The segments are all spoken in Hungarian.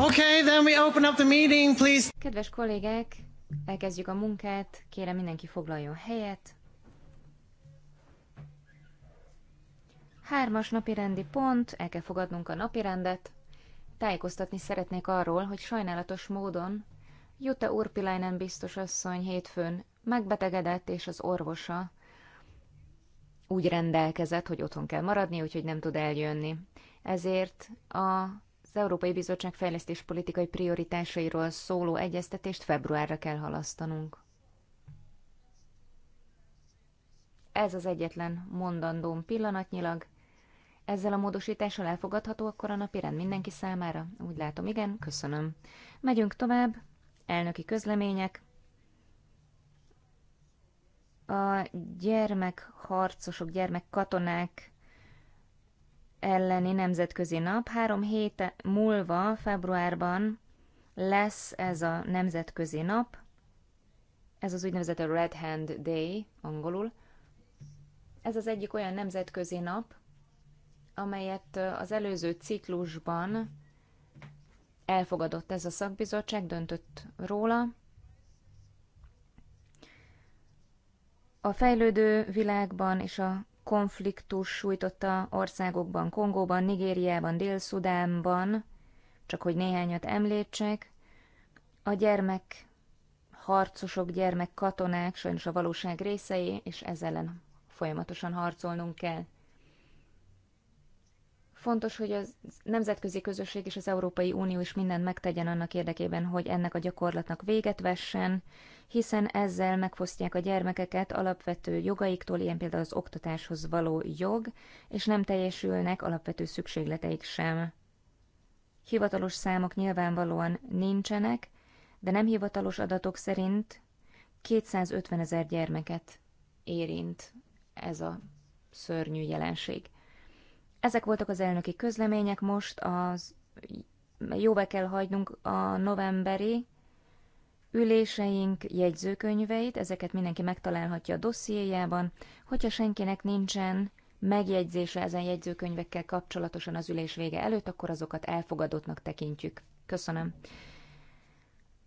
Okay, then we open up the meeting, please. Kedves kollégák, elkezdjük a munkát. Kérem mindenki foglaljon helyet. Hármas rendi pont, el kell fogadnunk a napirendet. Tájékoztatni szeretnék arról, hogy sajnálatos módon Jutta Urpilainen biztos asszony hétfőn megbetegedett, és az orvosa úgy rendelkezett, hogy otthon kell maradni, úgyhogy nem tud eljönni. Ezért a az Európai Bizottság fejlesztés politikai prioritásairól szóló egyeztetést februárra kell halasztanunk. Ez az egyetlen mondandóm pillanatnyilag. Ezzel a módosítással elfogadható akkor a napi rend mindenki számára? Úgy látom, igen, köszönöm. Megyünk tovább. Elnöki közlemények. A gyermekharcosok, gyermekkatonák elleni nemzetközi nap. Három hét múlva, februárban lesz ez a nemzetközi nap. Ez az úgynevezett Red Hand Day angolul. Ez az egyik olyan nemzetközi nap, amelyet az előző ciklusban elfogadott ez a szakbizottság, döntött róla. A fejlődő világban és a konfliktus sújtotta országokban, Kongóban, Nigériában, Dél-Szudánban, csak hogy néhányat említsek, a gyermek harcosok, gyermek katonák sajnos a valóság részei, és ezzel ellen folyamatosan harcolnunk kell. Fontos, hogy a nemzetközi közösség és az Európai Unió is mindent megtegyen annak érdekében, hogy ennek a gyakorlatnak véget vessen, hiszen ezzel megfosztják a gyermekeket alapvető jogaiktól, ilyen például az oktatáshoz való jog, és nem teljesülnek alapvető szükségleteik sem. Hivatalos számok nyilvánvalóan nincsenek, de nem hivatalos adatok szerint 250 ezer gyermeket érint ez a szörnyű jelenség. Ezek voltak az elnöki közlemények, most az jóvá kell hagynunk a novemberi üléseink jegyzőkönyveit, ezeket mindenki megtalálhatja a dossziéjában. Hogyha senkinek nincsen megjegyzése ezen jegyzőkönyvekkel kapcsolatosan az ülés vége előtt, akkor azokat elfogadottnak tekintjük. Köszönöm.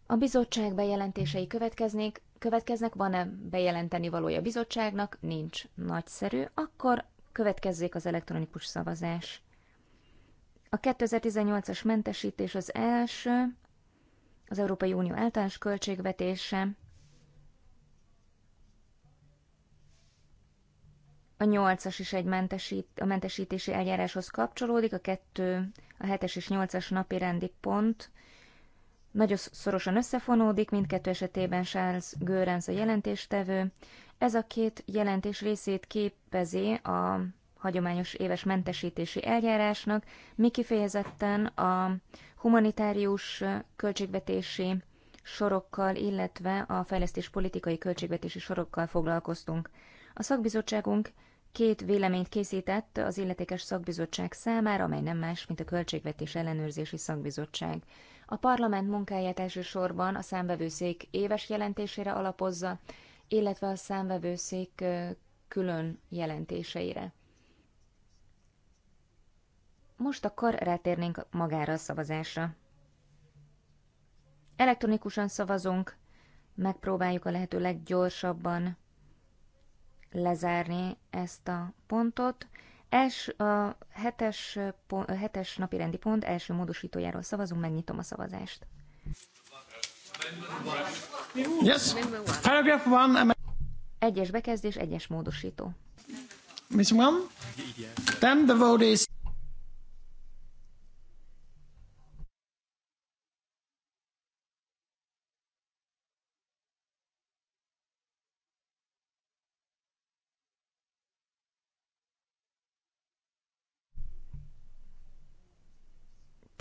A bizottság bejelentései következnék, következnek, van-e bejelenteni valója bizottságnak? Nincs. Nagyszerű. Akkor Következzék az elektronikus szavazás. A 2018-as mentesítés az első, az Európai Unió általános költségvetése, a 8-as is egy mentesít, a mentesítési eljáráshoz kapcsolódik, a 2, a 7-es és 8-as napi rendi pont nagyon szorosan összefonódik, mindkettő esetében Charles Görens a jelentéstevő. Ez a két jelentés részét képezi a hagyományos éves mentesítési eljárásnak, mi kifejezetten a humanitárius költségvetési sorokkal, illetve a fejlesztés politikai költségvetési sorokkal foglalkoztunk. A szakbizottságunk két véleményt készített az illetékes szakbizottság számára, amely nem más, mint a Költségvetés Ellenőrzési Szakbizottság. A parlament munkáját elsősorban a számbevőszék éves jelentésére alapozza, illetve a számvevőszék külön jelentéseire. Most akkor rátérnénk magára a szavazásra. Elektronikusan szavazunk, megpróbáljuk a lehető leggyorsabban lezárni ezt a pontot. Els, a hetes, pont, hetes napi rendi pont első módosítójáról szavazunk, megnyitom a szavazást. Yes. Paragraph one. Egyes bekezdés, egyes módosító. Miss one. Then the vote is...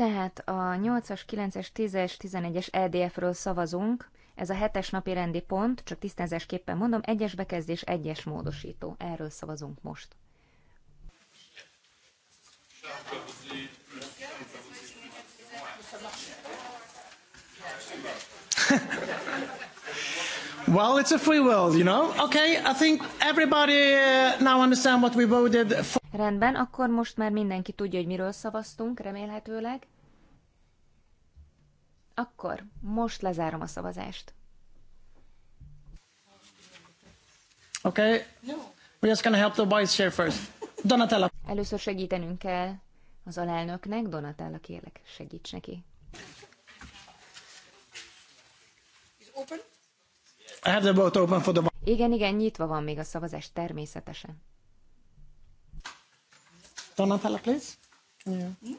Tehát a 8-as, 9-es, 10-es, 11-es EDF-ről szavazunk. Ez a hetes napi rendi pont, csak tisztázásképpen mondom, egyes bekezdés, egyes módosító. Erről szavazunk most. well, it's a free world, you know. Okay, I think everybody uh, now understand what we voted for. Rendben, akkor most már mindenki tudja, hogy miről szavaztunk, remélhetőleg. Akkor most lezárom a szavazást. Okay. We're just gonna help the vice chair first. Donatella. Először segítenünk kell az alelnöknek. Donatella, kérlek, segíts neki. I have the vote open for the... Igen, igen, nyitva van még a szavazás természetesen. Donatella, please. Yeah. Mm,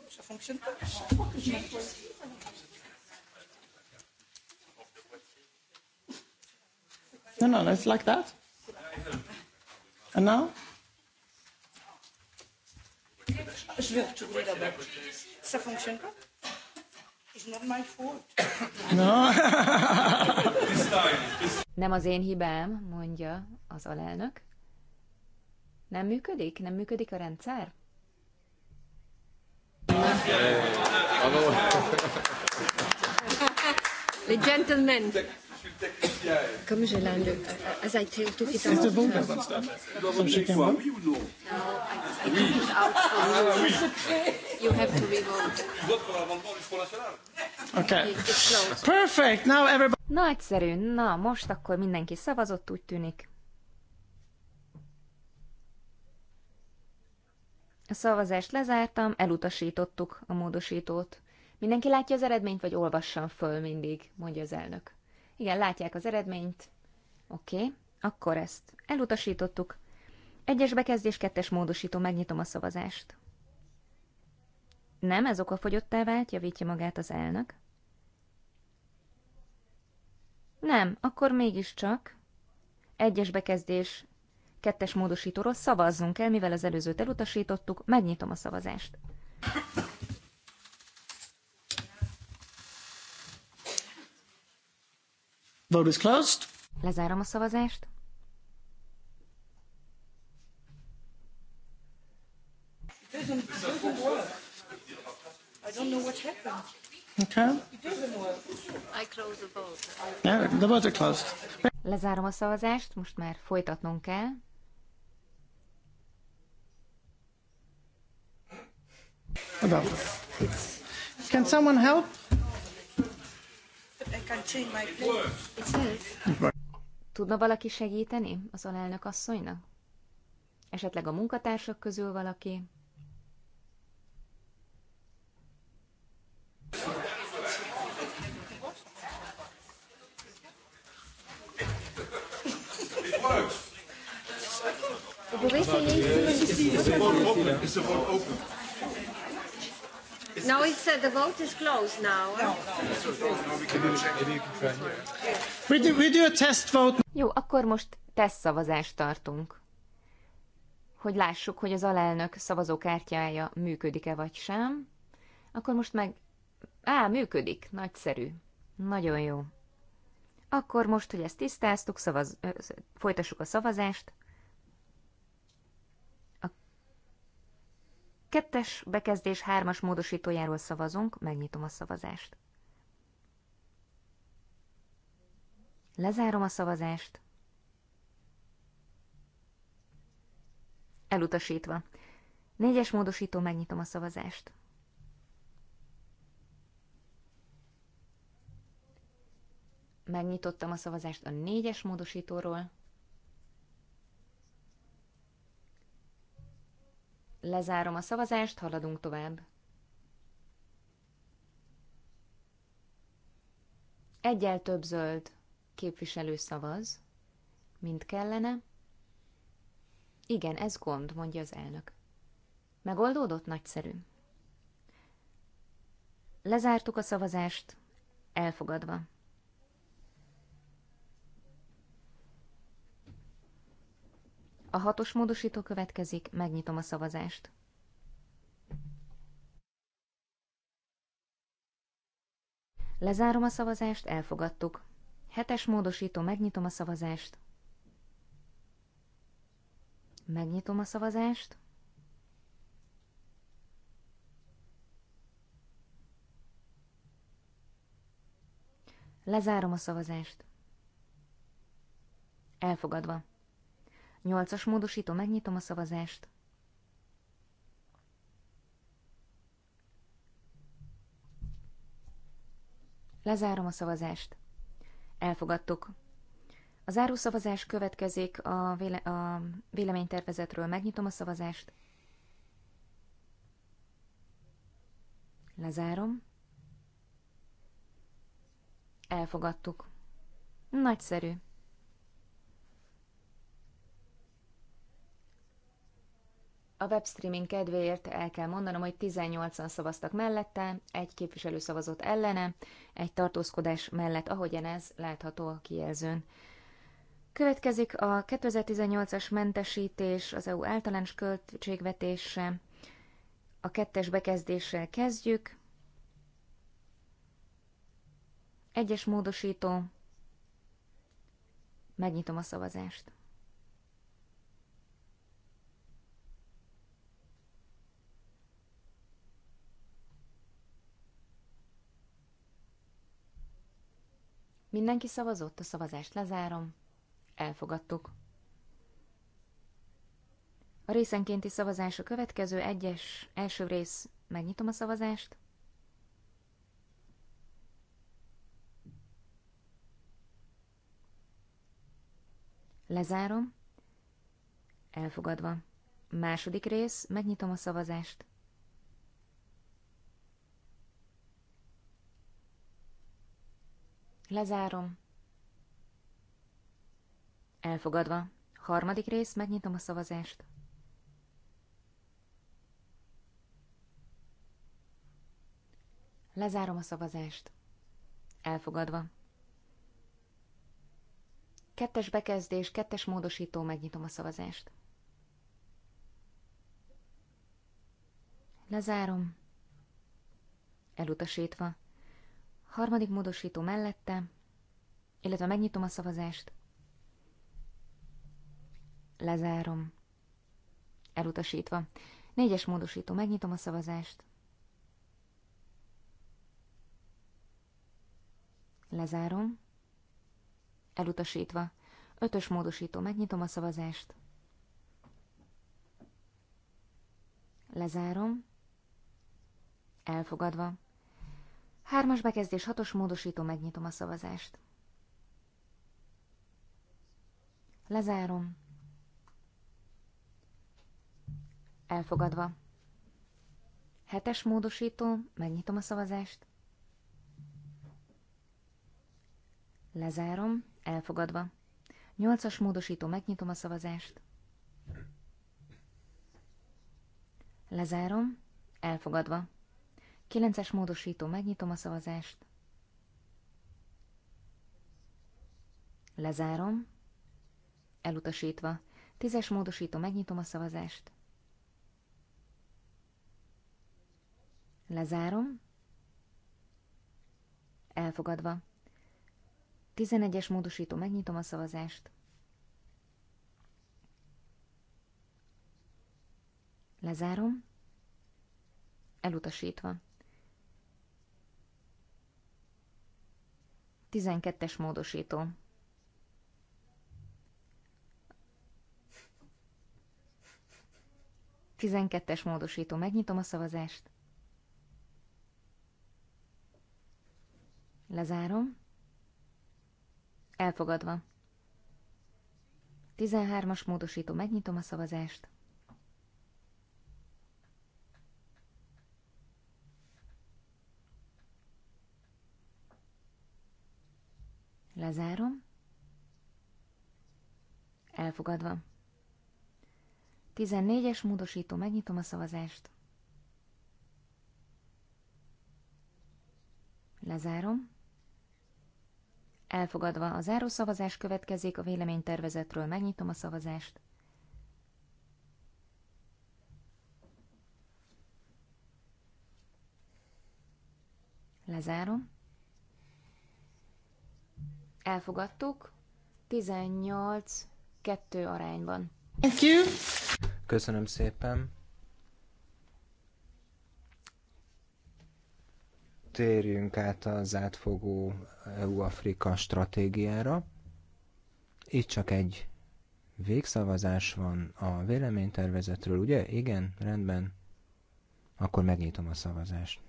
No, no, no, it's like that. And now? No. Nem az én hibám, mondja az alelnök. Nem működik? Nem működik a rendszer? Les gentlemen. Comme je l'ai le, as I tell to it's out. bon. Comme je Oui ou non ah, Oui. Ah, oui. You have to revote. Okay. Perfect. Now everybody. Nagyszerű. Na, most akkor mindenki szavazott, úgy tűnik. A szavazást lezártam, elutasítottuk a módosítót. Mindenki látja az eredményt, vagy olvassam föl mindig, mondja az elnök. Igen, látják az eredményt. Oké, okay, akkor ezt elutasítottuk. Egyes bekezdés, kettes módosító, megnyitom a szavazást. Nem, ez okafogyottá vált, javítja magát az elnök. Nem, akkor mégiscsak. Egyes bekezdés, kettes módosítóról szavazzunk el, mivel az előzőt elutasítottuk, megnyitom a szavazást. Vote is closed. Lezárom a szavazást. I don't know what happened. I the vote. Yeah, the closed. Lezárom a szavazást, most már folytatnunk kell. About. Can someone help? Tudna valaki segíteni az alelnök asszonynak? Esetleg a munkatársak közül valaki? Vous pouvez open. No, it's uh, the vote is closed now. we, do, we do a test vote. Jó, akkor most teszt szavazást tartunk. Hogy lássuk, hogy az alelnök szavazókártyája működik-e vagy sem. Akkor most meg... Á, működik. Nagyszerű. Nagyon jó. Akkor most, hogy ezt tisztáztuk, szavaz... folytassuk a szavazást. Kettes bekezdés hármas módosítójáról szavazunk, megnyitom a szavazást. Lezárom a szavazást. Elutasítva. Négyes módosító, megnyitom a szavazást. Megnyitottam a szavazást a négyes módosítóról. Lezárom a szavazást, haladunk tovább. Egyel több zöld képviselő szavaz, mint kellene. Igen, ez gond, mondja az elnök. Megoldódott nagyszerű. Lezártuk a szavazást, elfogadva. A hatos módosító következik, megnyitom a szavazást. Lezárom a szavazást, elfogadtuk. Hetes módosító, megnyitom a szavazást. Megnyitom a szavazást. Lezárom a szavazást. Elfogadva. Nyolcas módosító, megnyitom a szavazást. Lezárom a szavazást. Elfogadtuk. A zárószavazás következik a, véle, a véleménytervezetről. Megnyitom a szavazást. Lezárom. Elfogadtuk. Nagyszerű. A webstreaming kedvéért el kell mondanom, hogy 18-an szavaztak mellette, egy képviselő szavazott ellene, egy tartózkodás mellett, ahogyan ez látható a kijelzőn. Következik a 2018-as mentesítés, az EU általános költségvetése. A kettes bekezdéssel kezdjük. Egyes módosító. Megnyitom a szavazást. Mindenki szavazott, a szavazást lezárom. Elfogadtuk. A részenkénti szavazás a következő egyes, első rész, megnyitom a szavazást. Lezárom. Elfogadva. Második rész, megnyitom a szavazást. Lezárom. Elfogadva. Harmadik rész, megnyitom a szavazást. Lezárom a szavazást. Elfogadva. Kettes bekezdés, kettes módosító, megnyitom a szavazást. Lezárom. Elutasítva. Harmadik módosító mellette, illetve megnyitom a szavazást. Lezárom. Elutasítva. Négyes módosító, megnyitom a szavazást. Lezárom. Elutasítva. Ötös módosító, megnyitom a szavazást. Lezárom. Elfogadva. Hármas bekezdés, hatos módosító, megnyitom a szavazást. Lezárom. Elfogadva. Hetes módosító, megnyitom a szavazást. Lezárom, elfogadva. Nyolcas módosító, megnyitom a szavazást. Lezárom, elfogadva. Kilences módosító, megnyitom a szavazást. Lezárom. Elutasítva. Tízes módosító, megnyitom a szavazást. Lezárom. Elfogadva. Tizenegyes módosító, megnyitom a szavazást. Lezárom. Elutasítva. 12-es módosító. Tizenkettes módosító. Megnyitom a szavazást. Lezárom. Elfogadva. Tizenhármas módosító. Megnyitom a szavazást. Lezárom. Elfogadva. 14-es módosító, megnyitom a szavazást. Lezárom. Elfogadva a záró szavazás következik, a véleménytervezetről megnyitom a szavazást. Lezárom. Elfogadtuk. 18 kettő arányban. Thank you. Köszönöm szépen. Térjünk át az átfogó EU-Afrika stratégiára. Itt csak egy végszavazás van a véleménytervezetről, ugye? Igen, rendben. Akkor megnyitom a szavazást.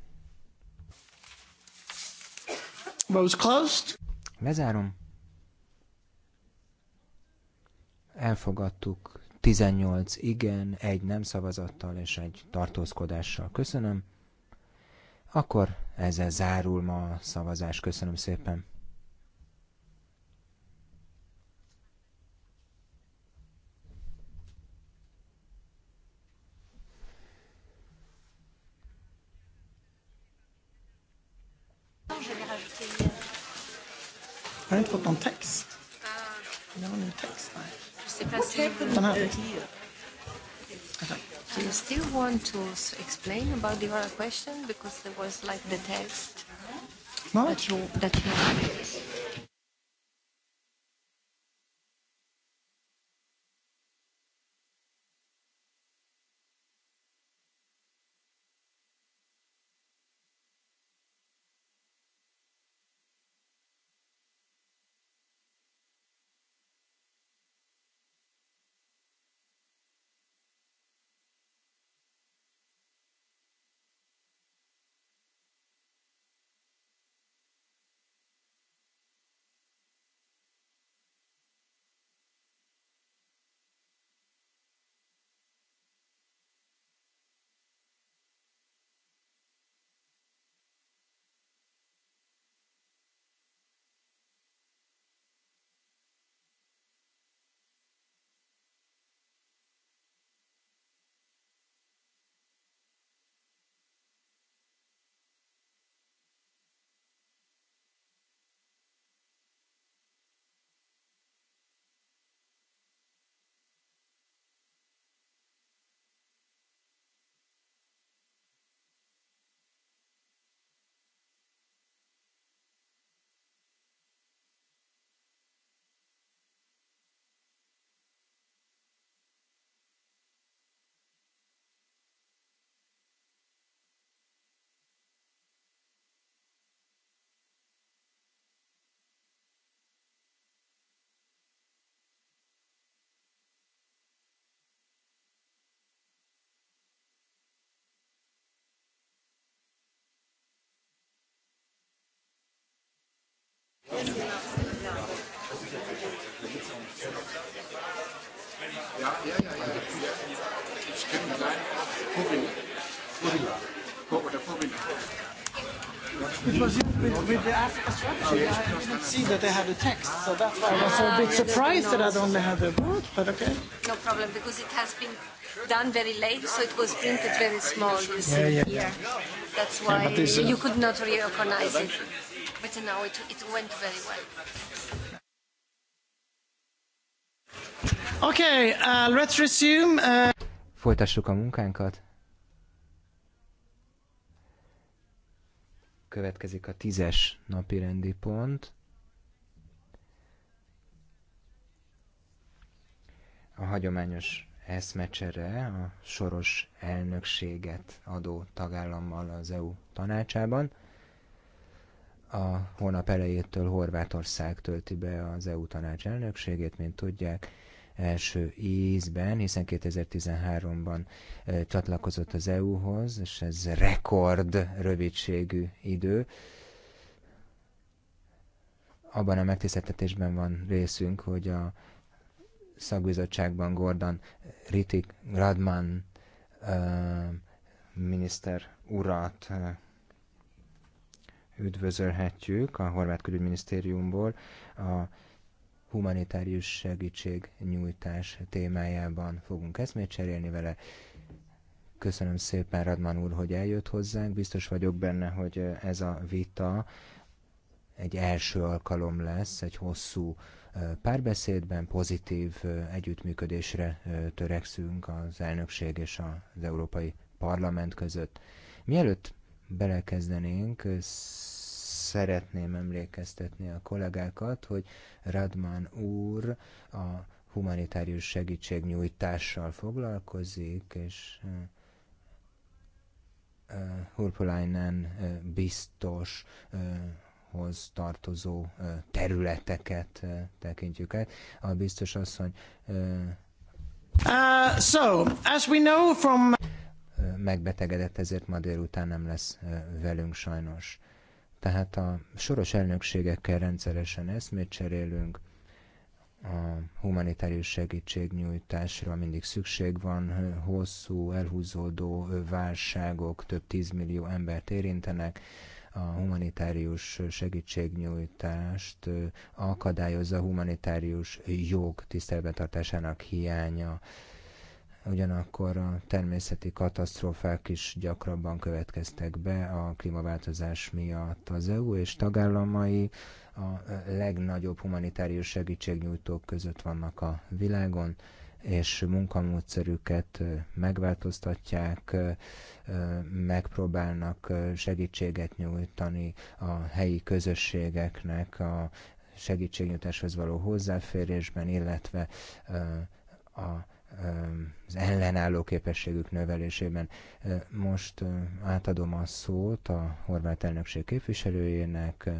Most closed. Lezárom. Elfogadtuk 18 igen, egy nem szavazattal és egy tartózkodással. Köszönöm. Akkor ezzel zárul ma a szavazás. Köszönöm szépen. want to explain about the oral question because there was like the text? No. That you, that you It was with, with the structure. I didn't see that they had a text, so that's why I was a bit surprised that I don't have a book, but okay. No problem, because it has been done very late, so it was printed very small, you see. Yeah, yeah, yeah. That's why yeah, this, uh, you could not recognize it. But now it, it went very well. Okay, uh, let's resume. Uh... Folytassuk a munkánkat. Következik a tízes napi rendi pont. A hagyományos eszmecsere a soros elnökséget adó tagállammal az EU tanácsában. A hónap elejétől Horvátország tölti be az EU tanács elnökségét, mint tudják első ízben, hiszen 2013-ban csatlakozott az EU-hoz, és ez rekord rövidségű idő. Abban a megtiszteltetésben van részünk, hogy a szakbizottságban Gordon Ritik Radman miniszter urat üdvözölhetjük a Horvát Külügyminisztériumból. A humanitárius segítség nyújtás témájában fogunk eszmét cserélni vele. Köszönöm szépen Radman úr, hogy eljött hozzánk. Biztos vagyok benne, hogy ez a vita egy első alkalom lesz, egy hosszú párbeszédben pozitív együttműködésre törekszünk az elnökség és az Európai Parlament között. Mielőtt belekezdenénk, szeretném emlékeztetni a kollégákat, hogy Radman úr a humanitárius segítségnyújtással foglalkozik, és Hurpulainen biztoshoz tartozó területeket tekintjük át. A biztos asszony uh, so, as we know from... megbetegedett, ezért ma délután nem lesz velünk sajnos. Tehát a soros elnökségekkel rendszeresen eszmét cserélünk, a humanitárius segítségnyújtásra mindig szükség van, hosszú, elhúzódó válságok több tízmillió embert érintenek, a humanitárius segítségnyújtást akadályozza a humanitárius jog tiszteletbetartásának hiánya, ugyanakkor a természeti katasztrófák is gyakrabban következtek be a klímaváltozás miatt. Az EU és tagállamai a legnagyobb humanitárius segítségnyújtók között vannak a világon, és munkamódszerüket megváltoztatják, megpróbálnak segítséget nyújtani a helyi közösségeknek a segítségnyújtáshoz való hozzáférésben, illetve a az ellenálló képességük növelésében. Most átadom a szót a horvát elnökség képviselőjének,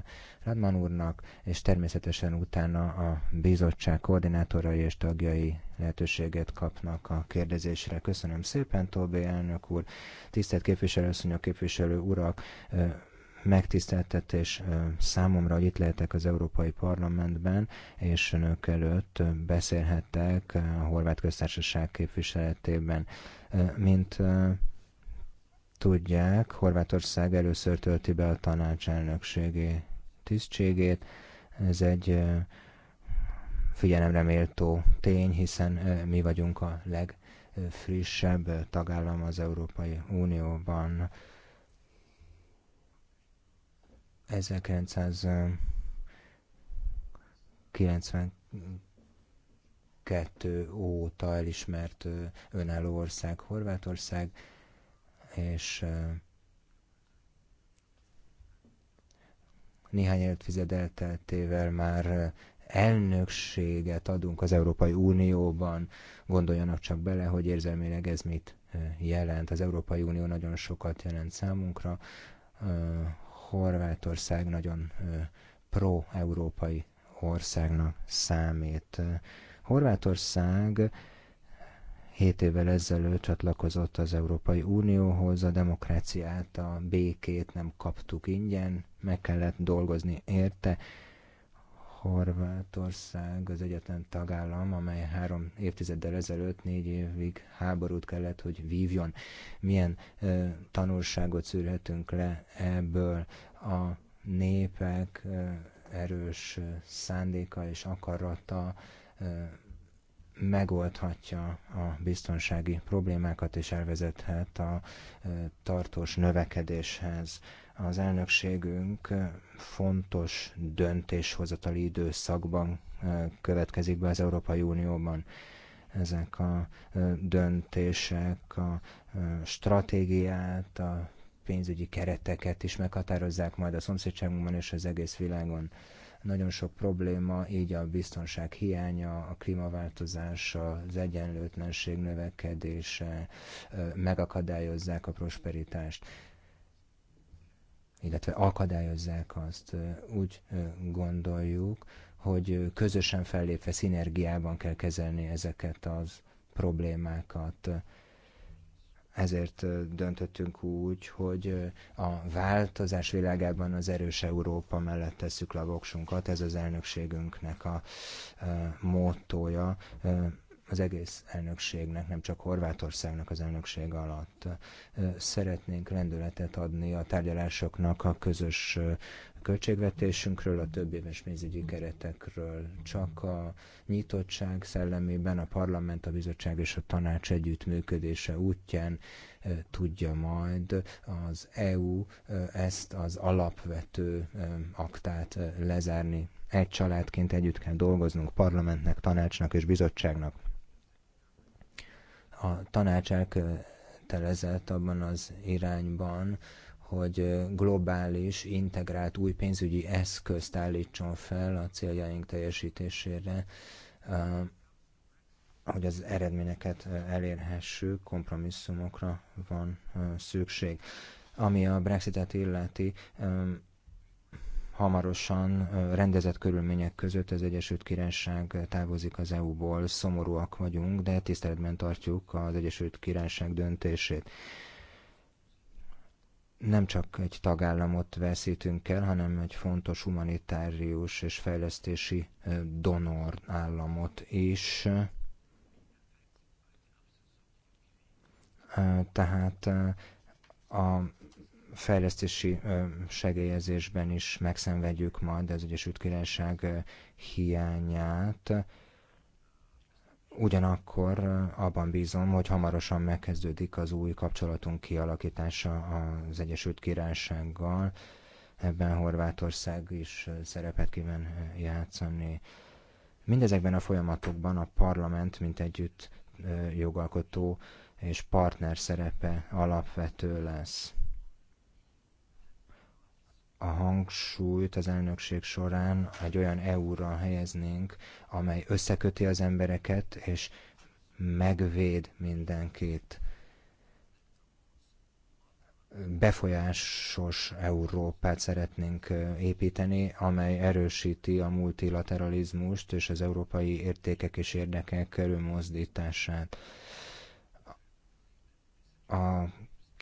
Radman úrnak, és természetesen utána a bizottság koordinátorai és tagjai lehetőséget kapnak a kérdezésre. Köszönöm szépen, Tóbi elnök úr, tisztelt képviselőszonyok, képviselő urak, megtiszteltetés számomra, hogy itt lehetek az Európai Parlamentben, és önök előtt beszélhettek a Horvát Köztársaság képviseletében. Mint tudják, Horvátország először tölti be a tanácselnökségi tisztségét. Ez egy figyelemre méltó tény, hiszen mi vagyunk a legfrissebb tagállam az Európai Unióban. 1992 óta elismert önálló ország Horvátország, és néhány évtized elteltével már elnökséget adunk az Európai Unióban, gondoljanak csak bele, hogy érzelmileg ez mit jelent. Az Európai Unió nagyon sokat jelent számunkra, Horvátország nagyon pro-európai országnak számít. Horvátország 7 évvel ezelőtt csatlakozott az Európai Unióhoz, a demokráciát, a békét nem kaptuk ingyen, meg kellett dolgozni érte, Horvátország az egyetlen tagállam, amely három évtizeddel ezelőtt négy évig háborút kellett, hogy vívjon. Milyen ö, tanulságot szűrhetünk le ebből a népek ö, erős szándéka és akarata ö, megoldhatja a biztonsági problémákat és elvezethet a ö, tartós növekedéshez. Ö, az elnökségünk fontos döntéshozatali időszakban következik be az Európai Unióban. Ezek a döntések a stratégiát, a pénzügyi kereteket is meghatározzák majd a szomszédságunkban és az egész világon. Nagyon sok probléma, így a biztonság hiánya, a klímaváltozás, az egyenlőtlenség növekedése megakadályozzák a prosperitást illetve akadályozzák azt. Úgy gondoljuk, hogy közösen fellépve szinergiában kell kezelni ezeket az problémákat. Ezért döntöttünk úgy, hogy a változás világában az erős Európa mellett tesszük le a voksunkat. Ez az elnökségünknek a mottoja az egész elnökségnek, nem csak Horvátországnak az elnökség alatt. Szeretnénk rendületet adni a tárgyalásoknak a közös költségvetésünkről, a több éves pénzügyi keretekről. Csak a nyitottság szellemében a parlament, a bizottság és a tanács együttműködése útján tudja majd az EU ezt az alapvető aktát lezárni. Egy családként együtt kell dolgoznunk parlamentnek, tanácsnak és bizottságnak a tanács elkötelezett abban az irányban, hogy globális, integrált új pénzügyi eszközt állítson fel a céljaink teljesítésére, hogy az eredményeket elérhessük, kompromisszumokra van szükség. Ami a Brexitet illeti, hamarosan rendezett körülmények között az Egyesült Királyság távozik az EU-ból. Szomorúak vagyunk, de tiszteletben tartjuk az Egyesült Királyság döntését. Nem csak egy tagállamot veszítünk el, hanem egy fontos humanitárius és fejlesztési donor államot is. Tehát a fejlesztési segélyezésben is megszenvedjük majd az Egyesült Királyság hiányát. Ugyanakkor abban bízom, hogy hamarosan megkezdődik az új kapcsolatunk kialakítása az Egyesült Királysággal. Ebben Horvátország is szerepet kíván játszani. Mindezekben a folyamatokban a parlament, mint együtt jogalkotó és partner szerepe alapvető lesz a hangsúlyt az elnökség során egy olyan EU-ra helyeznénk, amely összeköti az embereket, és megvéd mindenkit. Befolyásos Európát szeretnénk építeni, amely erősíti a multilateralizmust és az európai értékek és érdekek körülmozdítását. A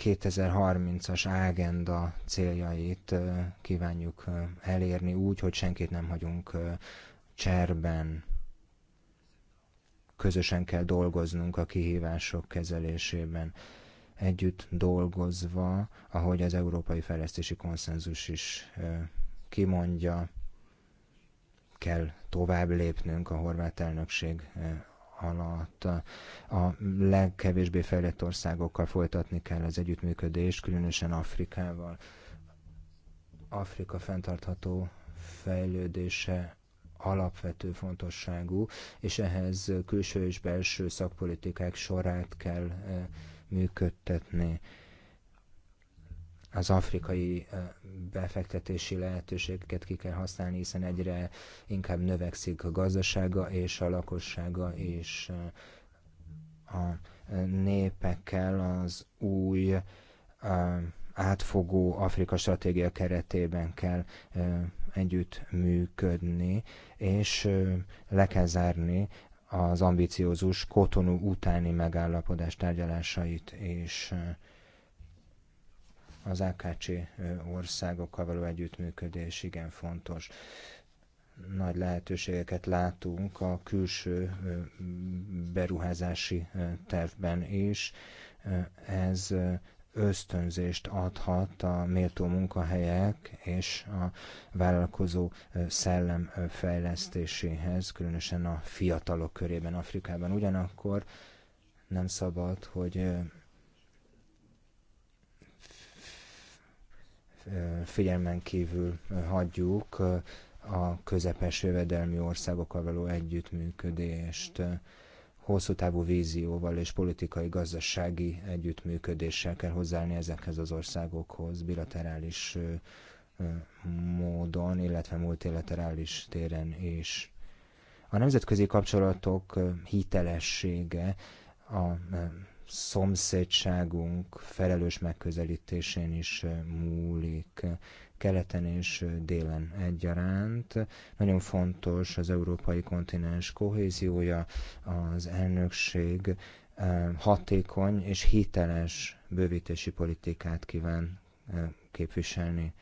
2030-as ágenda céljait kívánjuk elérni úgy, hogy senkit nem hagyunk cserben. Közösen kell dolgoznunk a kihívások kezelésében. Együtt dolgozva, ahogy az Európai Fejlesztési Konszenzus is kimondja, kell tovább lépnünk a horvát elnökség alatt. A legkevésbé fejlett országokkal folytatni kell az együttműködést, különösen Afrikával. Afrika fenntartható fejlődése alapvető fontosságú, és ehhez külső és belső szakpolitikák sorát kell eh, működtetni az afrikai befektetési lehetőségeket ki kell használni, hiszen egyre inkább növekszik a gazdasága és a lakossága, és a népekkel az új átfogó Afrika stratégia keretében kell együtt működni, és le kell zárni az ambiciózus Kotonú utáni megállapodás tárgyalásait, és az AKC országokkal való együttműködés igen fontos. Nagy lehetőségeket látunk a külső beruházási tervben is. Ez ösztönzést adhat a méltó munkahelyek és a vállalkozó szellem fejlesztéséhez, különösen a fiatalok körében Afrikában. Ugyanakkor nem szabad, hogy figyelmen kívül hagyjuk a közepes jövedelmi országokkal való együttműködést hosszú távú vízióval és politikai-gazdasági együttműködéssel kell hozzáállni ezekhez az országokhoz bilaterális módon, illetve multilaterális téren is. A nemzetközi kapcsolatok hitelessége a szomszédságunk felelős megközelítésén is múlik keleten és délen egyaránt. Nagyon fontos az európai kontinens kohéziója, az elnökség hatékony és hiteles bővítési politikát kíván képviselni.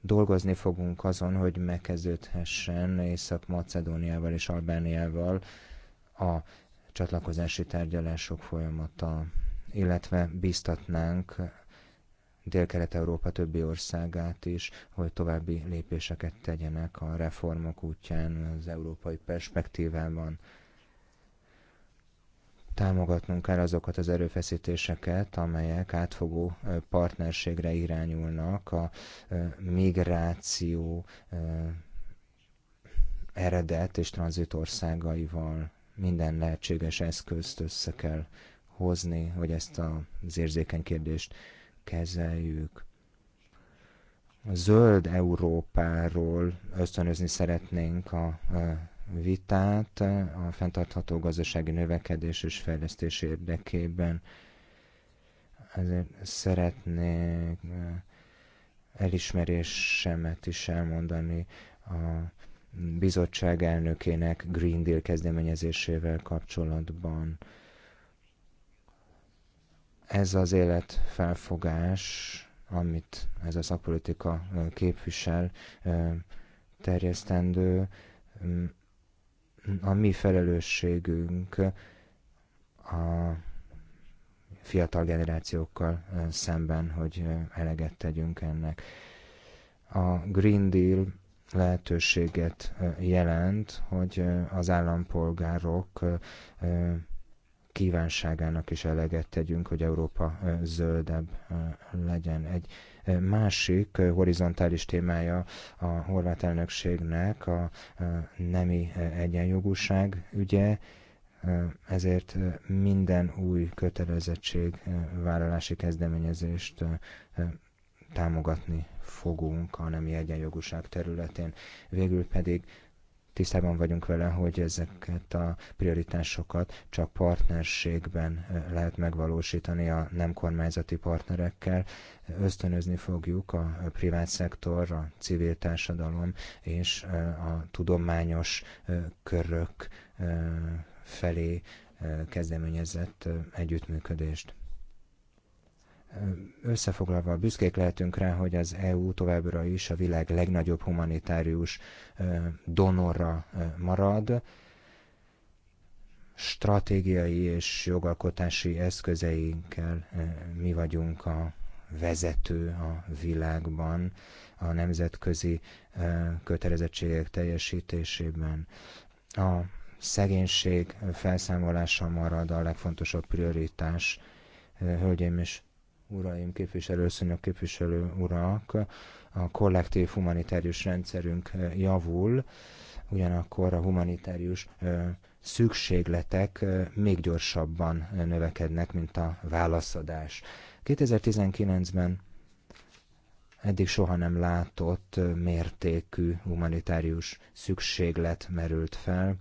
Dolgozni fogunk azon, hogy megkezdődhessen Észak-Macedóniával és Albániával a csatlakozási tárgyalások folyamata, illetve biztatnánk Dél-Kelet-Európa többi országát is, hogy további lépéseket tegyenek a reformok útján az európai perspektívában. Támogatnunk kell azokat az erőfeszítéseket, amelyek átfogó partnerségre irányulnak a migráció eredet és tranzitországaival minden lehetséges eszközt össze kell hozni, hogy ezt az érzékeny kérdést kezeljük. A zöld Európáról ösztönözni szeretnénk a vitát a fenntartható gazdasági növekedés és fejlesztés érdekében. Ezért szeretnék eh, elismerésemet is elmondani a bizottság elnökének Green Deal kezdeményezésével kapcsolatban. Ez az életfelfogás, amit ez a szakpolitika képvisel, terjesztendő, mm, a mi felelősségünk a fiatal generációkkal szemben, hogy eleget tegyünk ennek. A Green Deal lehetőséget jelent, hogy az állampolgárok kívánságának is eleget tegyünk, hogy Európa zöldebb legyen. Egy másik horizontális témája a horvát elnökségnek a nemi egyenjogúság ügye, ezért minden új kötelezettség vállalási kezdeményezést támogatni fogunk a nemi egyenjogúság területén. Végül pedig tisztában vagyunk vele, hogy ezeket a prioritásokat csak partnerségben lehet megvalósítani a nem kormányzati partnerekkel. Ösztönözni fogjuk a privát szektor, a civil társadalom és a tudományos körök felé kezdeményezett együttműködést. Összefoglalva büszkék lehetünk rá, hogy az EU továbbra is a világ legnagyobb humanitárius donorra marad. Stratégiai és jogalkotási eszközeinkkel mi vagyunk a vezető a világban, a nemzetközi kötelezettségek teljesítésében. A szegénység felszámolása marad a legfontosabb prioritás. Hölgyeim és uraim, képviselőszonyok, képviselő urak, a kollektív humanitárius rendszerünk javul, ugyanakkor a humanitárius szükségletek még gyorsabban növekednek, mint a válaszadás. 2019-ben eddig soha nem látott mértékű humanitárius szükséglet merült fel,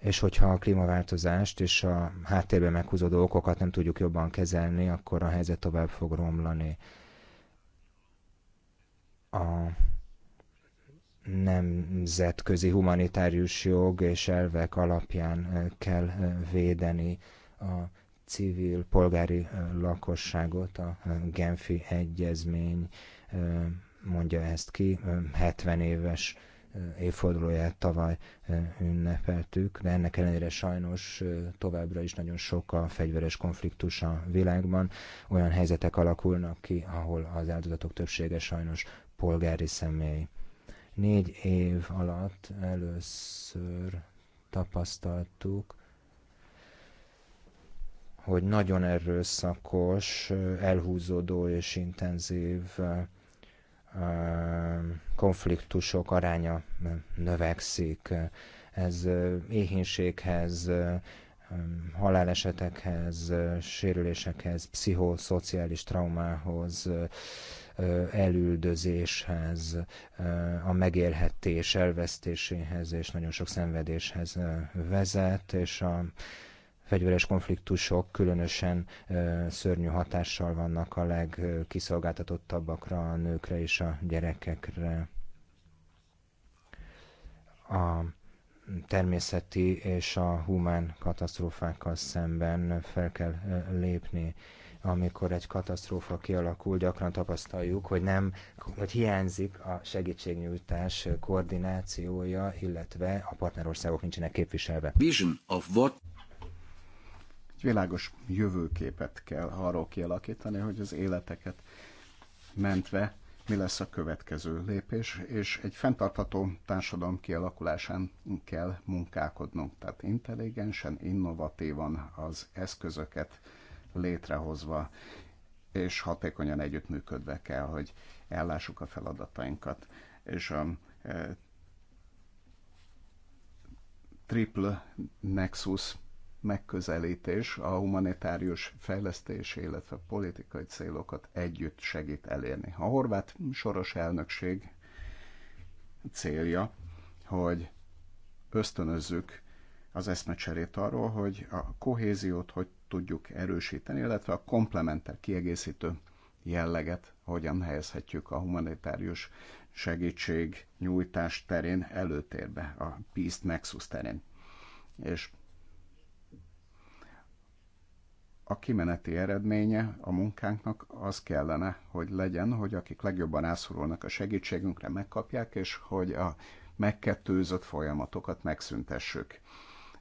és hogyha a klímaváltozást és a háttérben meghúzódó okokat nem tudjuk jobban kezelni, akkor a helyzet tovább fog romlani. A nemzetközi humanitárius jog és elvek alapján eh, kell eh, védeni a civil polgári eh, lakosságot, a Genfi Egyezmény mondja ezt ki, 70 éves Eh, évfordulóját tavaly eh, ünnepeltük, de ennek ellenére sajnos eh, továbbra is nagyon sok a fegyveres konfliktus a világban. Olyan helyzetek alakulnak ki, ahol az áldozatok többsége sajnos polgári személy. Négy év alatt először tapasztaltuk, hogy nagyon erőszakos, elhúzódó és intenzív konfliktusok aránya növekszik. Ez éhénységhez, halálesetekhez, sérülésekhez, pszichoszociális traumához, elüldözéshez, a megélhetés elvesztéséhez és nagyon sok szenvedéshez vezet, és a fegyveres konfliktusok különösen szörnyű hatással vannak a legkiszolgáltatottabbakra, a nőkre és a gyerekekre. A természeti és a humán katasztrófákkal szemben fel kell lépni. Amikor egy katasztrófa kialakul, gyakran tapasztaljuk, hogy nem, hogy hiányzik a segítségnyújtás koordinációja, illetve a partnerországok nincsenek képviselve. Vision of what egy világos jövőképet kell arról kialakítani, hogy az életeket mentve mi lesz a következő lépés, és egy fenntartható társadalom kialakulásán kell munkálkodnunk. Tehát intelligensen, innovatívan az eszközöket létrehozva, és hatékonyan együttműködve kell, hogy ellássuk a feladatainkat. És a e, triple nexus megközelítés a humanitárius fejlesztés, illetve politikai célokat együtt segít elérni. A horvát soros elnökség célja, hogy ösztönözzük az eszmecserét arról, hogy a kohéziót hogy tudjuk erősíteni, illetve a komplementer kiegészítő jelleget hogyan helyezhetjük a humanitárius segítség nyújtás terén előtérbe, a Peace Nexus terén. És a kimeneti eredménye a munkánknak az kellene, hogy legyen, hogy akik legjobban rászorulnak a segítségünkre megkapják, és hogy a megkettőzött folyamatokat megszüntessük.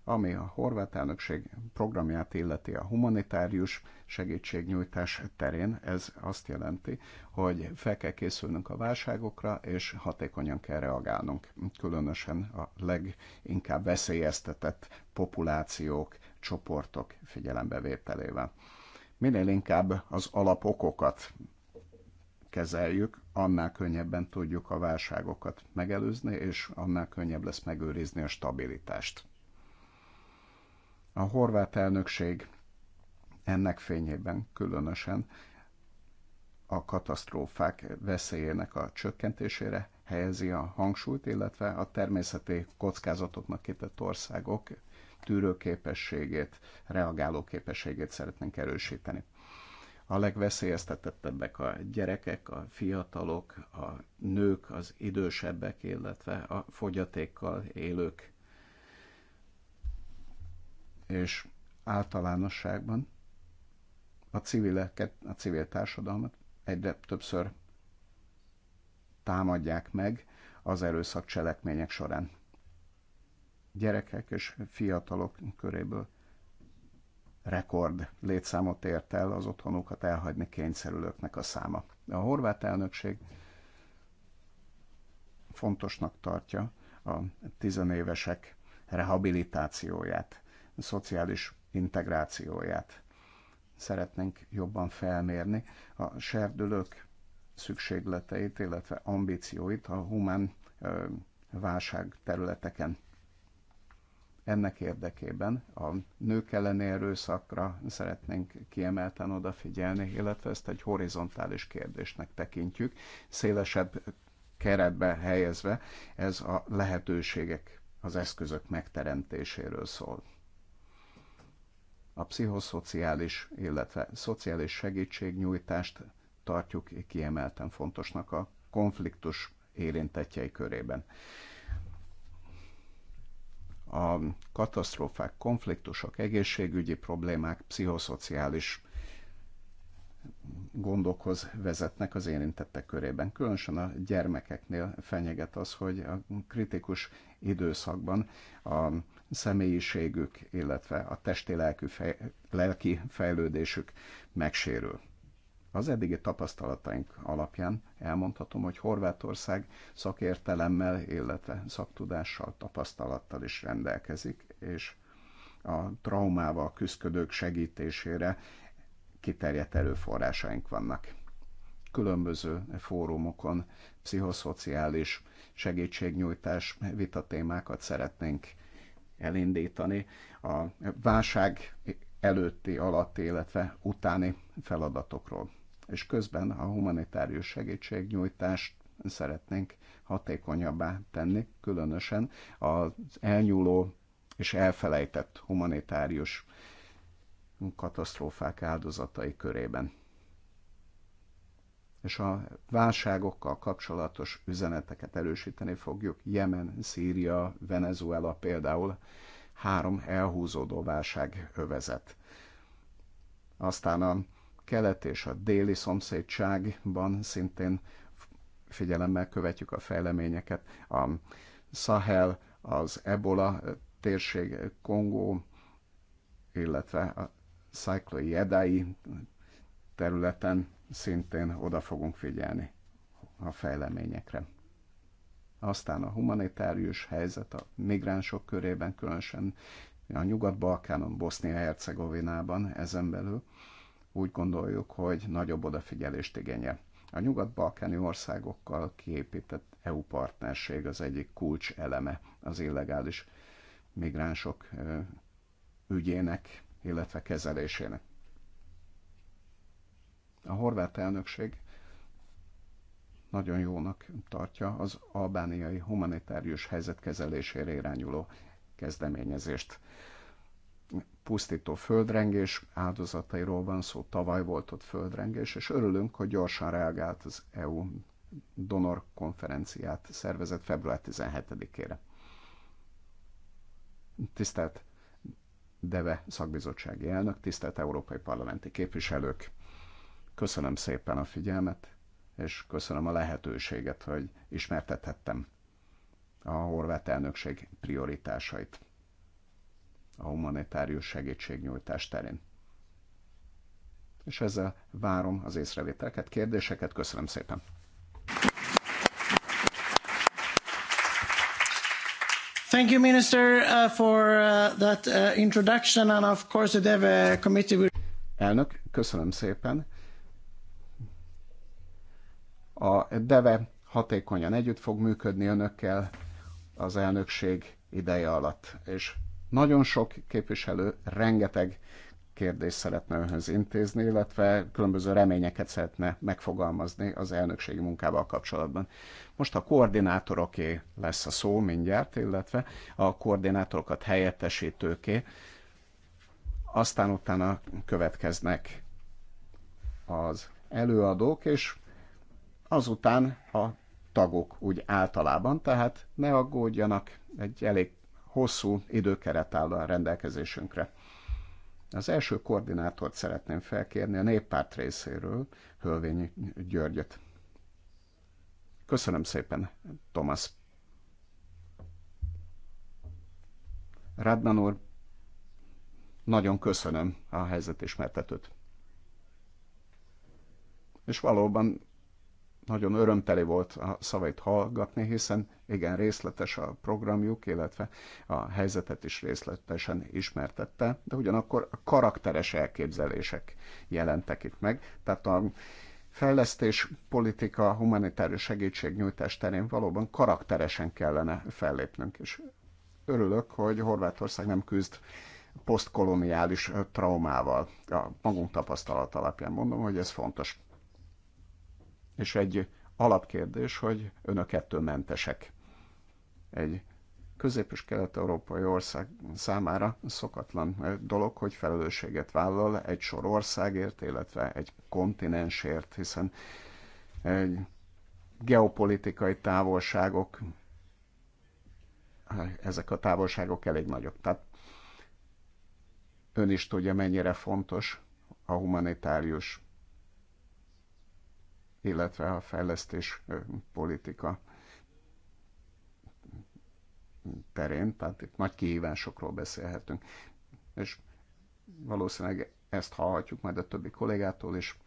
Ami a horvát elnökség programját illeti a humanitárius segítségnyújtás terén, ez azt jelenti, hogy fel kell készülnünk a válságokra, és hatékonyan kell reagálnunk, különösen a leginkább veszélyeztetett populációk csoportok figyelembevételével. Minél inkább az alapokokat kezeljük, annál könnyebben tudjuk a válságokat megelőzni, és annál könnyebb lesz megőrizni a stabilitást. A horvát elnökség ennek fényében különösen a katasztrófák veszélyének a csökkentésére helyezi a hangsúlyt, illetve a természeti kockázatoknak kitett országok tűrőképességét, reagáló képességét szeretnénk erősíteni. A legveszélyeztetettebbek a gyerekek, a fiatalok, a nők, az idősebbek, illetve a fogyatékkal élők. És általánosságban a civileket, a civil társadalmat egyre többször támadják meg az erőszak cselekmények során gyerekek és fiatalok köréből rekord létszámot ért el az otthonukat elhagyni kényszerülőknek a száma. A horvát elnökség fontosnak tartja a tizenévesek rehabilitációját, a szociális integrációját. Szeretnénk jobban felmérni a serdülők szükségleteit, illetve ambícióit a humán válság területeken ennek érdekében a nők elleni erőszakra szeretnénk kiemelten odafigyelni, illetve ezt egy horizontális kérdésnek tekintjük, szélesebb keretbe helyezve ez a lehetőségek, az eszközök megteremtéséről szól a pszichoszociális, illetve szociális segítségnyújtást tartjuk kiemelten fontosnak a konfliktus érintettjei körében a katasztrófák, konfliktusok, egészségügyi problémák, pszichoszociális gondokhoz vezetnek az érintettek körében. Különösen a gyermekeknél fenyeget az, hogy a kritikus időszakban a személyiségük, illetve a testi lelki fejlődésük megsérül. Az eddigi tapasztalataink alapján elmondhatom, hogy Horvátország szakértelemmel, illetve szaktudással, tapasztalattal is rendelkezik, és a traumával küzdködők segítésére kiterjedt erőforrásaink vannak. Különböző fórumokon pszichoszociális segítségnyújtás vitatémákat szeretnénk elindítani. A válság előtti, alatti, illetve utáni feladatokról és közben a humanitárius segítségnyújtást szeretnénk hatékonyabbá tenni, különösen az elnyúló és elfelejtett humanitárius katasztrófák áldozatai körében. És a válságokkal kapcsolatos üzeneteket erősíteni fogjuk. Jemen, Szíria, Venezuela például három elhúzódó válság övezet. Aztán a kelet és a déli szomszédságban szintén figyelemmel követjük a fejleményeket. A Sahel, az Ebola térség, Kongó, illetve a Cycloi Jedai területen szintén oda fogunk figyelni a fejleményekre. Aztán a humanitárius helyzet a migránsok körében, különösen a Nyugat-Balkánon, Bosznia-Hercegovinában ezen belül – úgy gondoljuk, hogy nagyobb odafigyelést igényel. A nyugat-balkáni országokkal kiépített EU partnerség az egyik kulcs eleme az illegális migránsok ügyének, illetve kezelésének. A horvát elnökség nagyon jónak tartja az albániai humanitárius helyzet kezelésére irányuló kezdeményezést pusztító földrengés áldozatairól van szó, tavaly volt ott földrengés, és örülünk, hogy gyorsan reagált az EU donor konferenciát szervezett február 17-ére. Tisztelt Deve szakbizottsági elnök, tisztelt európai parlamenti képviselők, köszönöm szépen a figyelmet, és köszönöm a lehetőséget, hogy ismertethettem a horvát elnökség prioritásait a humanitárius segítségnyújtás terén. És ezzel várom az észrevételeket, kérdéseket. Köszönöm szépen! Thank you, Minister, uh, for uh, that uh, introduction, and of course, the DEVE uh, committee will. Elnök, köszönöm szépen. A DEVE hatékonyan együtt fog működni önökkel az elnökség ideje alatt, és nagyon sok képviselő rengeteg kérdést szeretne önhöz intézni, illetve különböző reményeket szeretne megfogalmazni az elnökségi munkával kapcsolatban. Most a koordinátoroké lesz a szó mindjárt, illetve a koordinátorokat helyettesítőké, aztán utána következnek az előadók, és azután a tagok úgy általában, tehát ne aggódjanak, egy elég hosszú időkeret áll a rendelkezésünkre. Az első koordinátort szeretném felkérni a néppárt részéről, Hölvény Györgyöt. Köszönöm szépen, Thomas. Radman úr, nagyon köszönöm a helyzetismertetőt. És valóban nagyon örömteli volt a szavait hallgatni, hiszen igen részletes a programjuk, illetve a helyzetet is részletesen ismertette, de ugyanakkor a karakteres elképzelések jelentek itt meg. Tehát a fejlesztés politika, humanitárius segítségnyújtás terén valóban karakteresen kellene fellépnünk, és örülök, hogy Horvátország nem küzd posztkoloniális traumával. A magunk tapasztalat alapján mondom, hogy ez fontos. És egy alapkérdés, hogy önök ettől mentesek. Egy közép- és kelet-európai ország számára szokatlan eh, dolog, hogy felelősséget vállal egy sor országért, illetve egy kontinensért, hiszen egy geopolitikai távolságok, eh, ezek a távolságok elég nagyok. Tehát ön is tudja, mennyire fontos a humanitárius illetve a fejlesztés politika terén, tehát itt nagy kihívásokról beszélhetünk. És valószínűleg ezt hallhatjuk majd a többi kollégától is,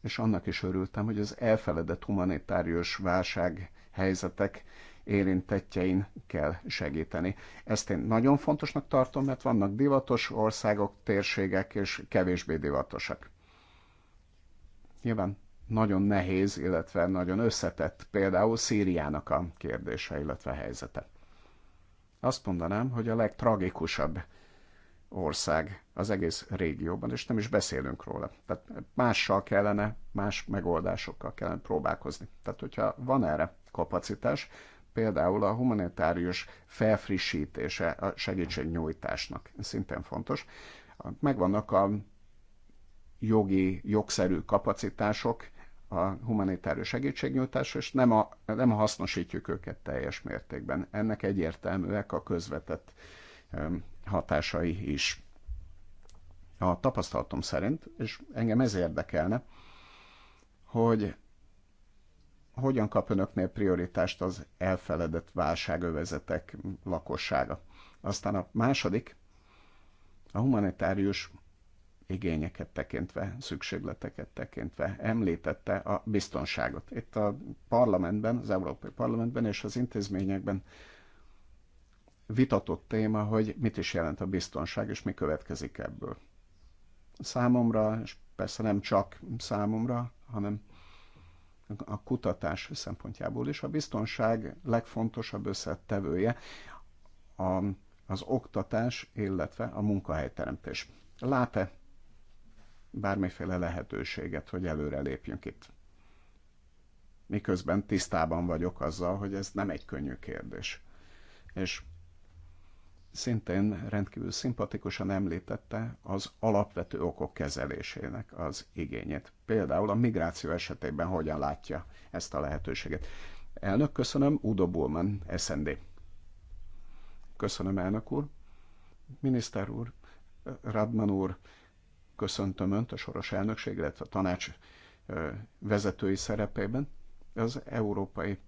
és annak is örültem, hogy az elfeledett humanitárius válság helyzetek érintettjein kell segíteni. Ezt én nagyon fontosnak tartom, mert vannak divatos országok, térségek és kevésbé divatosak. Nyilván nagyon nehéz, illetve nagyon összetett például Szíriának a kérdése, illetve a helyzete. Azt mondanám, hogy a legtragikusabb ország az egész régióban, és nem is beszélünk róla. Tehát mással kellene, más megoldásokkal kellene próbálkozni. Tehát, hogyha van erre kapacitás, például a humanitárius felfrissítése a segítségnyújtásnak szintén fontos. Megvannak a jogi, jogszerű kapacitások a humanitárius segítségnyújtás, és nem, a, nem hasznosítjuk őket teljes mértékben. Ennek egyértelműek a közvetett hatásai is. A tapasztalatom szerint, és engem ez érdekelne, hogy hogyan kap önöknél prioritást az elfeledett válságövezetek lakossága. Aztán a második, a humanitárius igényeket tekintve, szükségleteket tekintve említette a biztonságot. Itt a parlamentben, az Európai Parlamentben és az intézményekben vitatott téma, hogy mit is jelent a biztonság, és mi következik ebből. Számomra, és persze nem csak számomra, hanem a kutatás szempontjából is a biztonság legfontosabb összetevője a, az oktatás, illetve a munkahelyteremtés. Lát-e bármiféle lehetőséget, hogy előre lépjünk itt. Miközben tisztában vagyok azzal, hogy ez nem egy könnyű kérdés. És szintén rendkívül szimpatikusan említette az alapvető okok kezelésének az igényét. Például a migráció esetében hogyan látja ezt a lehetőséget. Elnök, köszönöm, Udo Bullman, SND. Köszönöm, elnök úr. Miniszter úr, Radman úr, köszöntöm Önt a soros elnökség, illetve a tanács vezetői szerepében. Az Európai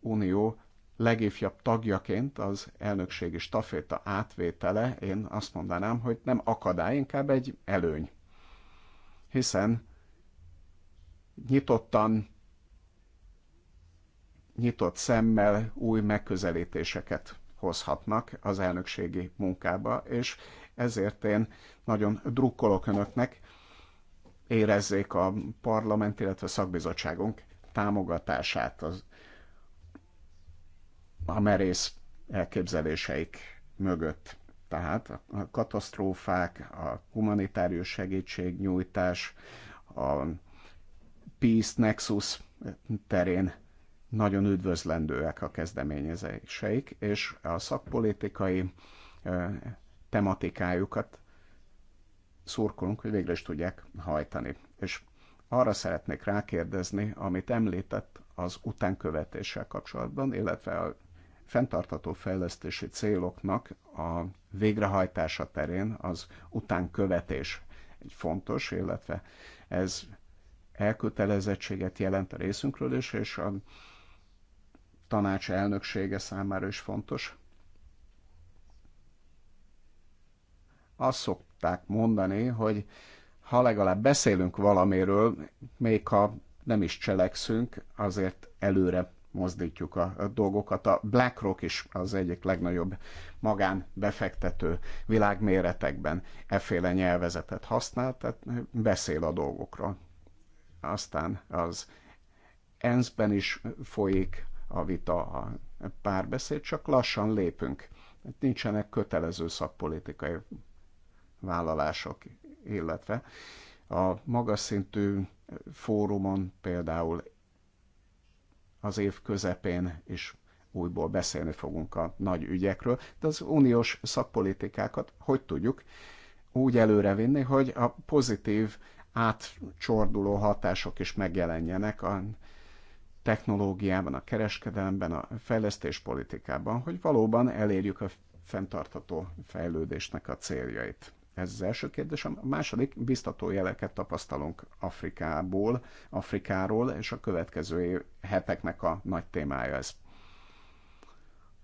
Unió legéfjabb tagjaként az elnökségi staféta átvétele, én azt mondanám, hogy nem akadály, inkább egy előny. Hiszen nyitottan, nyitott szemmel új megközelítéseket hozhatnak az elnökségi munkába, és ezért én nagyon drukkolok önöknek, érezzék a parlament, illetve a szakbizottságunk támogatását, az, a merész elképzeléseik mögött. Tehát a katasztrófák, a humanitárius segítségnyújtás, a Peace Nexus terén nagyon üdvözlendőek a kezdeményezéseik, és a szakpolitikai tematikájukat szurkolunk, hogy végre is tudják hajtani. És arra szeretnék rákérdezni, amit említett az utánkövetéssel kapcsolatban, illetve a fenntartató fejlesztési céloknak a végrehajtása terén az utánkövetés egy fontos, illetve ez elkötelezettséget jelent a részünkről is, és a tanács elnöksége számára is fontos. Azt szokták mondani, hogy ha legalább beszélünk valamiről, még ha nem is cselekszünk, azért előre mozdítjuk a, dolgokat. A BlackRock is az egyik legnagyobb magánbefektető világméretekben efféle nyelvezetet használ, tehát beszél a dolgokról. Aztán az ENSZ-ben is folyik a vita, a párbeszéd, csak lassan lépünk. Nincsenek kötelező szakpolitikai vállalások, illetve a magas szintű fórumon például az év közepén is újból beszélni fogunk a nagy ügyekről, de az uniós szakpolitikákat hogy tudjuk úgy előrevinni, hogy a pozitív átcsorduló hatások is megjelenjenek a technológiában, a kereskedelemben, a fejlesztéspolitikában, hogy valóban elérjük a fenntartható fejlődésnek a céljait. Ez az első kérdés. A második, biztató jeleket tapasztalunk Afrikából, Afrikáról, és a következő heteknek a nagy témája ez.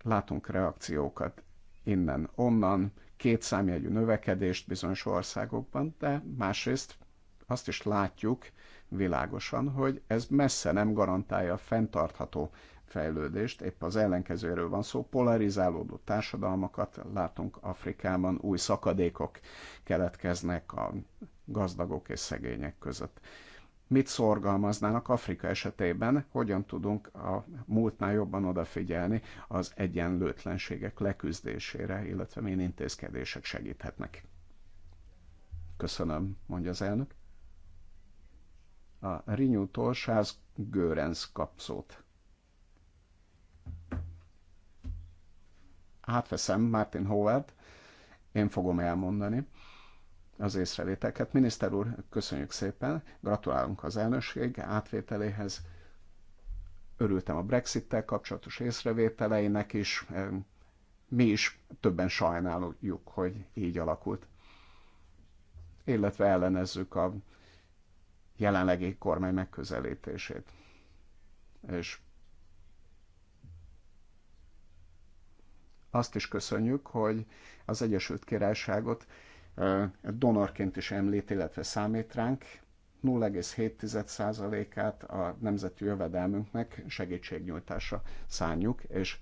Látunk reakciókat innen, onnan, két számjegyű növekedést bizonyos országokban, de másrészt azt is látjuk, világosan, hogy ez messze nem garantálja a fenntartható fejlődést, épp az ellenkezőről van szó, polarizálódó társadalmakat látunk Afrikában, új szakadékok keletkeznek a gazdagok és szegények között. Mit szorgalmaznának Afrika esetében, hogyan tudunk a múltnál jobban odafigyelni az egyenlőtlenségek leküzdésére, illetve milyen intézkedések segíthetnek? Köszönöm, mondja az elnök. A Rinyú Sász Görenc kapszót. Átveszem Martin Howard, én fogom elmondani az észrevételket. Miniszter úr, köszönjük szépen, gratulálunk az elnökség átvételéhez. Örültem a Brexit-tel kapcsolatos észrevételeinek is. Mi is többen sajnáljuk, hogy így alakult. Illetve ellenezzük a jelenlegi kormány megközelítését. És azt is köszönjük, hogy az Egyesült Királyságot donorként is említ, illetve számít ránk. 0,7%-át a nemzeti jövedelmünknek segítségnyújtásra szánjuk, és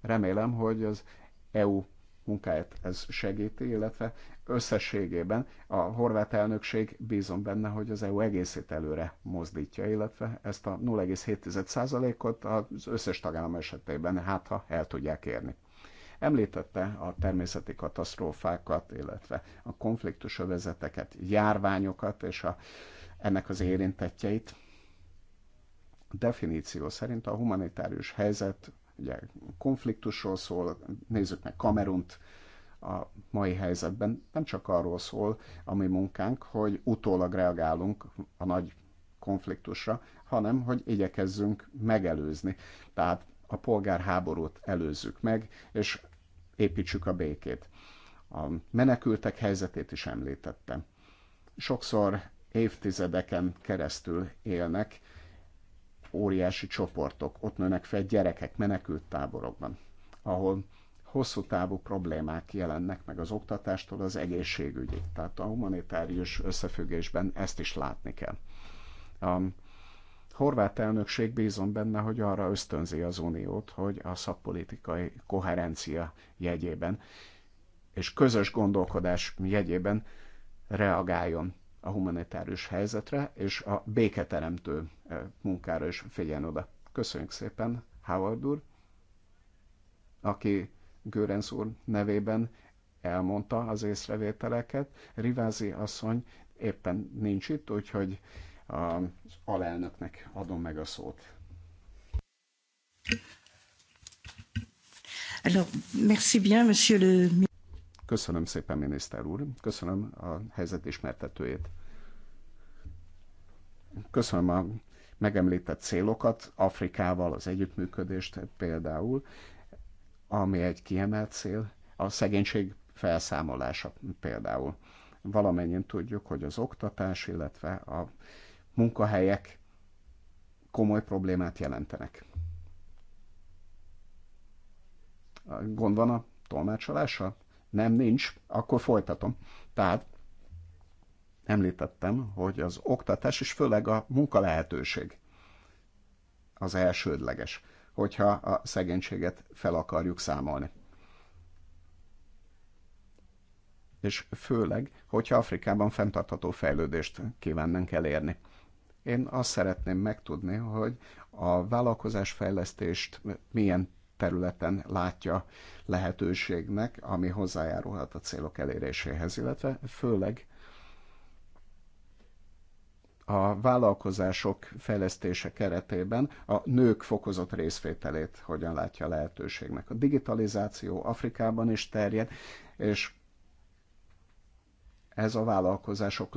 remélem, hogy az EU munkáját ez segíti, illetve összességében a horvát elnökség bízom benne, hogy az EU egészét előre mozdítja, illetve ezt a 0,7%-ot az összes tagállam esetében hát ha el tudják érni. Említette a természeti katasztrófákat, illetve a konfliktus övezeteket, járványokat és a, ennek az érintettjeit definíció szerint a humanitárius helyzet ugye konfliktusról szól, nézzük meg Kamerunt a mai helyzetben, nem csak arról szól a mi munkánk, hogy utólag reagálunk a nagy konfliktusra, hanem hogy igyekezzünk megelőzni. Tehát a polgárháborút előzzük meg, és építsük a békét. A menekültek helyzetét is említettem. Sokszor évtizedeken keresztül élnek óriási csoportok, ott nőnek fel gyerekek menekült táborokban, ahol hosszú távú problémák jelennek meg az oktatástól az egészségügyig. Tehát a humanitárius összefüggésben ezt is látni kell. A horvát elnökség bízom benne, hogy arra ösztönzi az uniót, hogy a szakpolitikai koherencia jegyében és közös gondolkodás jegyében reagáljon a humanitárius helyzetre és a béketeremtő eh, munkára is figyeljen oda. Köszönjük szépen, Howard úr, aki Görenc úr nevében elmondta az észrevételeket. Rivázi asszony éppen nincs itt, úgyhogy az alelnöknek adom meg a szót. Alors, merci bien, monsieur le Köszönöm szépen, miniszter úr. Köszönöm a helyzet ismertetőjét. Köszönöm a megemlített célokat, Afrikával az együttműködést például, ami egy kiemelt cél, a szegénység felszámolása például. Valamennyien tudjuk, hogy az oktatás, illetve a munkahelyek komoly problémát jelentenek. Gond van a tolmácsolással? Nem, nincs, akkor folytatom. Tehát említettem, hogy az oktatás és főleg a munka lehetőség az elsődleges, hogyha a szegénységet fel akarjuk számolni. És főleg, hogyha Afrikában fenntartható fejlődést kívánnánk elérni. Én azt szeretném megtudni, hogy a vállalkozásfejlesztést milyen területen látja lehetőségnek, ami hozzájárulhat a célok eléréséhez, illetve főleg a vállalkozások fejlesztése keretében a nők fokozott részvételét hogyan látja a lehetőségnek. A digitalizáció Afrikában is terjed, és ez a vállalkozások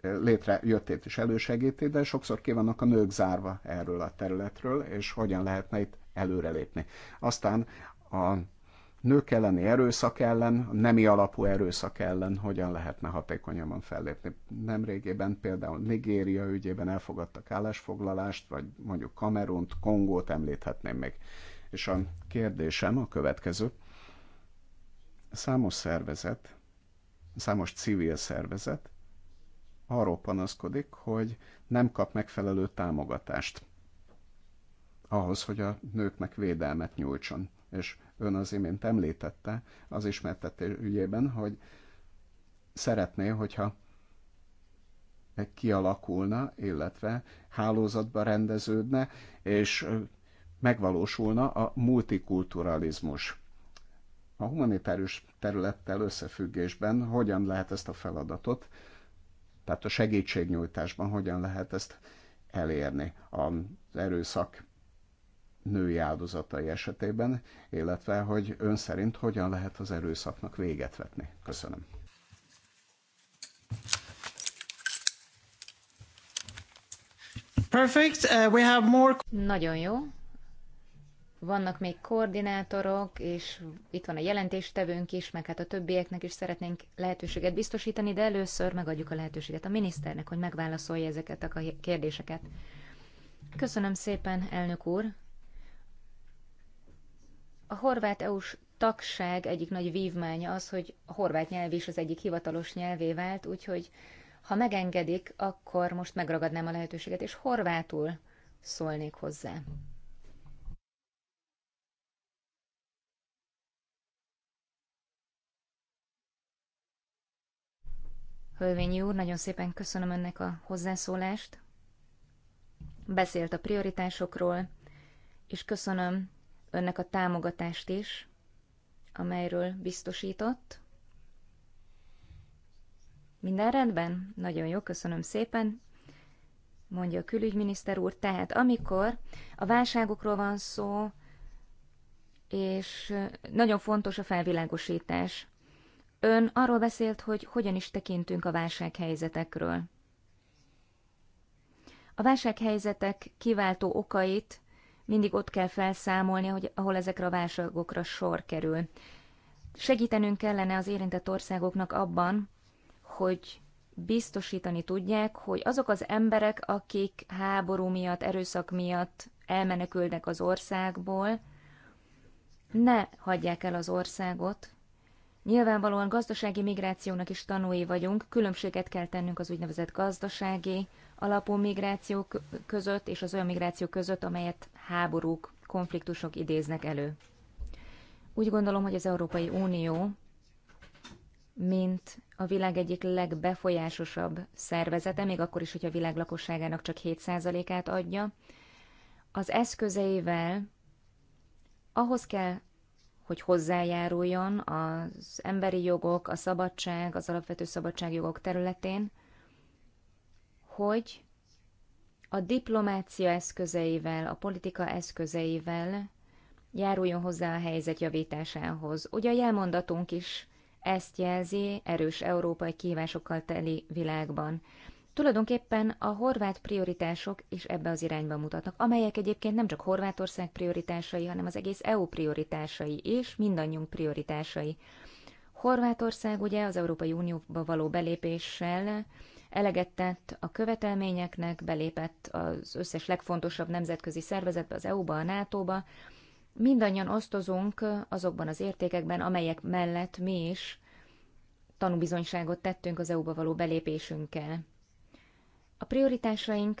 létrejöttét is elősegíti, de sokszor ki vannak a nők zárva erről a területről, és hogyan lehetne itt előrelépni. Aztán a nők elleni erőszak ellen, a nemi alapú erőszak ellen hogyan lehetne hatékonyabban fellépni. Nemrégében például Nigéria ügyében elfogadtak állásfoglalást, vagy mondjuk Kamerunt, Kongót említhetném még. És a kérdésem a következő. Számos szervezet, számos civil szervezet arról panaszkodik, hogy nem kap megfelelő támogatást ahhoz, hogy a nőknek védelmet nyújtson. És ön az imént említette az ismertetés ügyében, hogy szeretné, hogyha kialakulna, illetve hálózatba rendeződne, és megvalósulna a multikulturalizmus. A humanitárius területtel összefüggésben hogyan lehet ezt a feladatot, tehát a segítségnyújtásban hogyan lehet ezt elérni az erőszak női áldozatai esetében, illetve hogy ön szerint hogyan lehet az erőszaknak véget vetni. Köszönöm. Perfect. Uh, we have more... Nagyon jó. Vannak még koordinátorok, és itt van a jelentéstevőnk is, meg hát a többieknek is szeretnénk lehetőséget biztosítani, de először megadjuk a lehetőséget a miniszternek, hogy megválaszolja ezeket a kérdéseket. Köszönöm szépen, elnök úr. A horvát EU-s tagság egyik nagy vívmánya az, hogy a horvát nyelv is az egyik hivatalos nyelvé vált, úgyhogy ha megengedik, akkor most megragadnám a lehetőséget, és horvátul szólnék hozzá. Hölvényi úr, nagyon szépen köszönöm önnek a hozzászólást. Beszélt a prioritásokról, és köszönöm önnek a támogatást is, amelyről biztosított. Minden rendben? Nagyon jó, köszönöm szépen, mondja a külügyminiszter úr. Tehát amikor a válságokról van szó, és nagyon fontos a felvilágosítás. Ön arról beszélt, hogy hogyan is tekintünk a válsághelyzetekről. A válsághelyzetek kiváltó okait mindig ott kell felszámolni, hogy, ahol ezekre a válságokra sor kerül. Segítenünk kellene az érintett országoknak abban, hogy biztosítani tudják, hogy azok az emberek, akik háború miatt, erőszak miatt elmenekülnek az országból, ne hagyják el az országot. Nyilvánvalóan gazdasági migrációnak is tanúi vagyunk, különbséget kell tennünk az úgynevezett gazdasági alapú migráció között és az olyan migráció között, amelyet háborúk, konfliktusok idéznek elő. Úgy gondolom, hogy az Európai Unió, mint a világ egyik legbefolyásosabb szervezete, még akkor is, hogy a világ lakosságának csak 7%-át adja, az eszközeivel ahhoz kell, hogy hozzájáruljon az emberi jogok, a szabadság, az alapvető szabadságjogok területén, hogy a diplomácia eszközeivel, a politika eszközeivel járuljon hozzá a helyzet javításához. Ugye a jelmondatunk is ezt jelzi erős európai kívásokkal teli világban. Tulajdonképpen a horvát prioritások is ebbe az irányba mutatnak, amelyek egyébként nem csak Horvátország prioritásai, hanem az egész EU prioritásai és mindannyiunk prioritásai. Horvátország ugye az Európai Unióba való belépéssel eleget tett a követelményeknek, belépett az összes legfontosabb nemzetközi szervezetbe, az EU-ba, a NATO-ba. Mindannyian osztozunk azokban az értékekben, amelyek mellett mi is tanúbizonyságot tettünk az EU-ba való belépésünkkel. A prioritásaink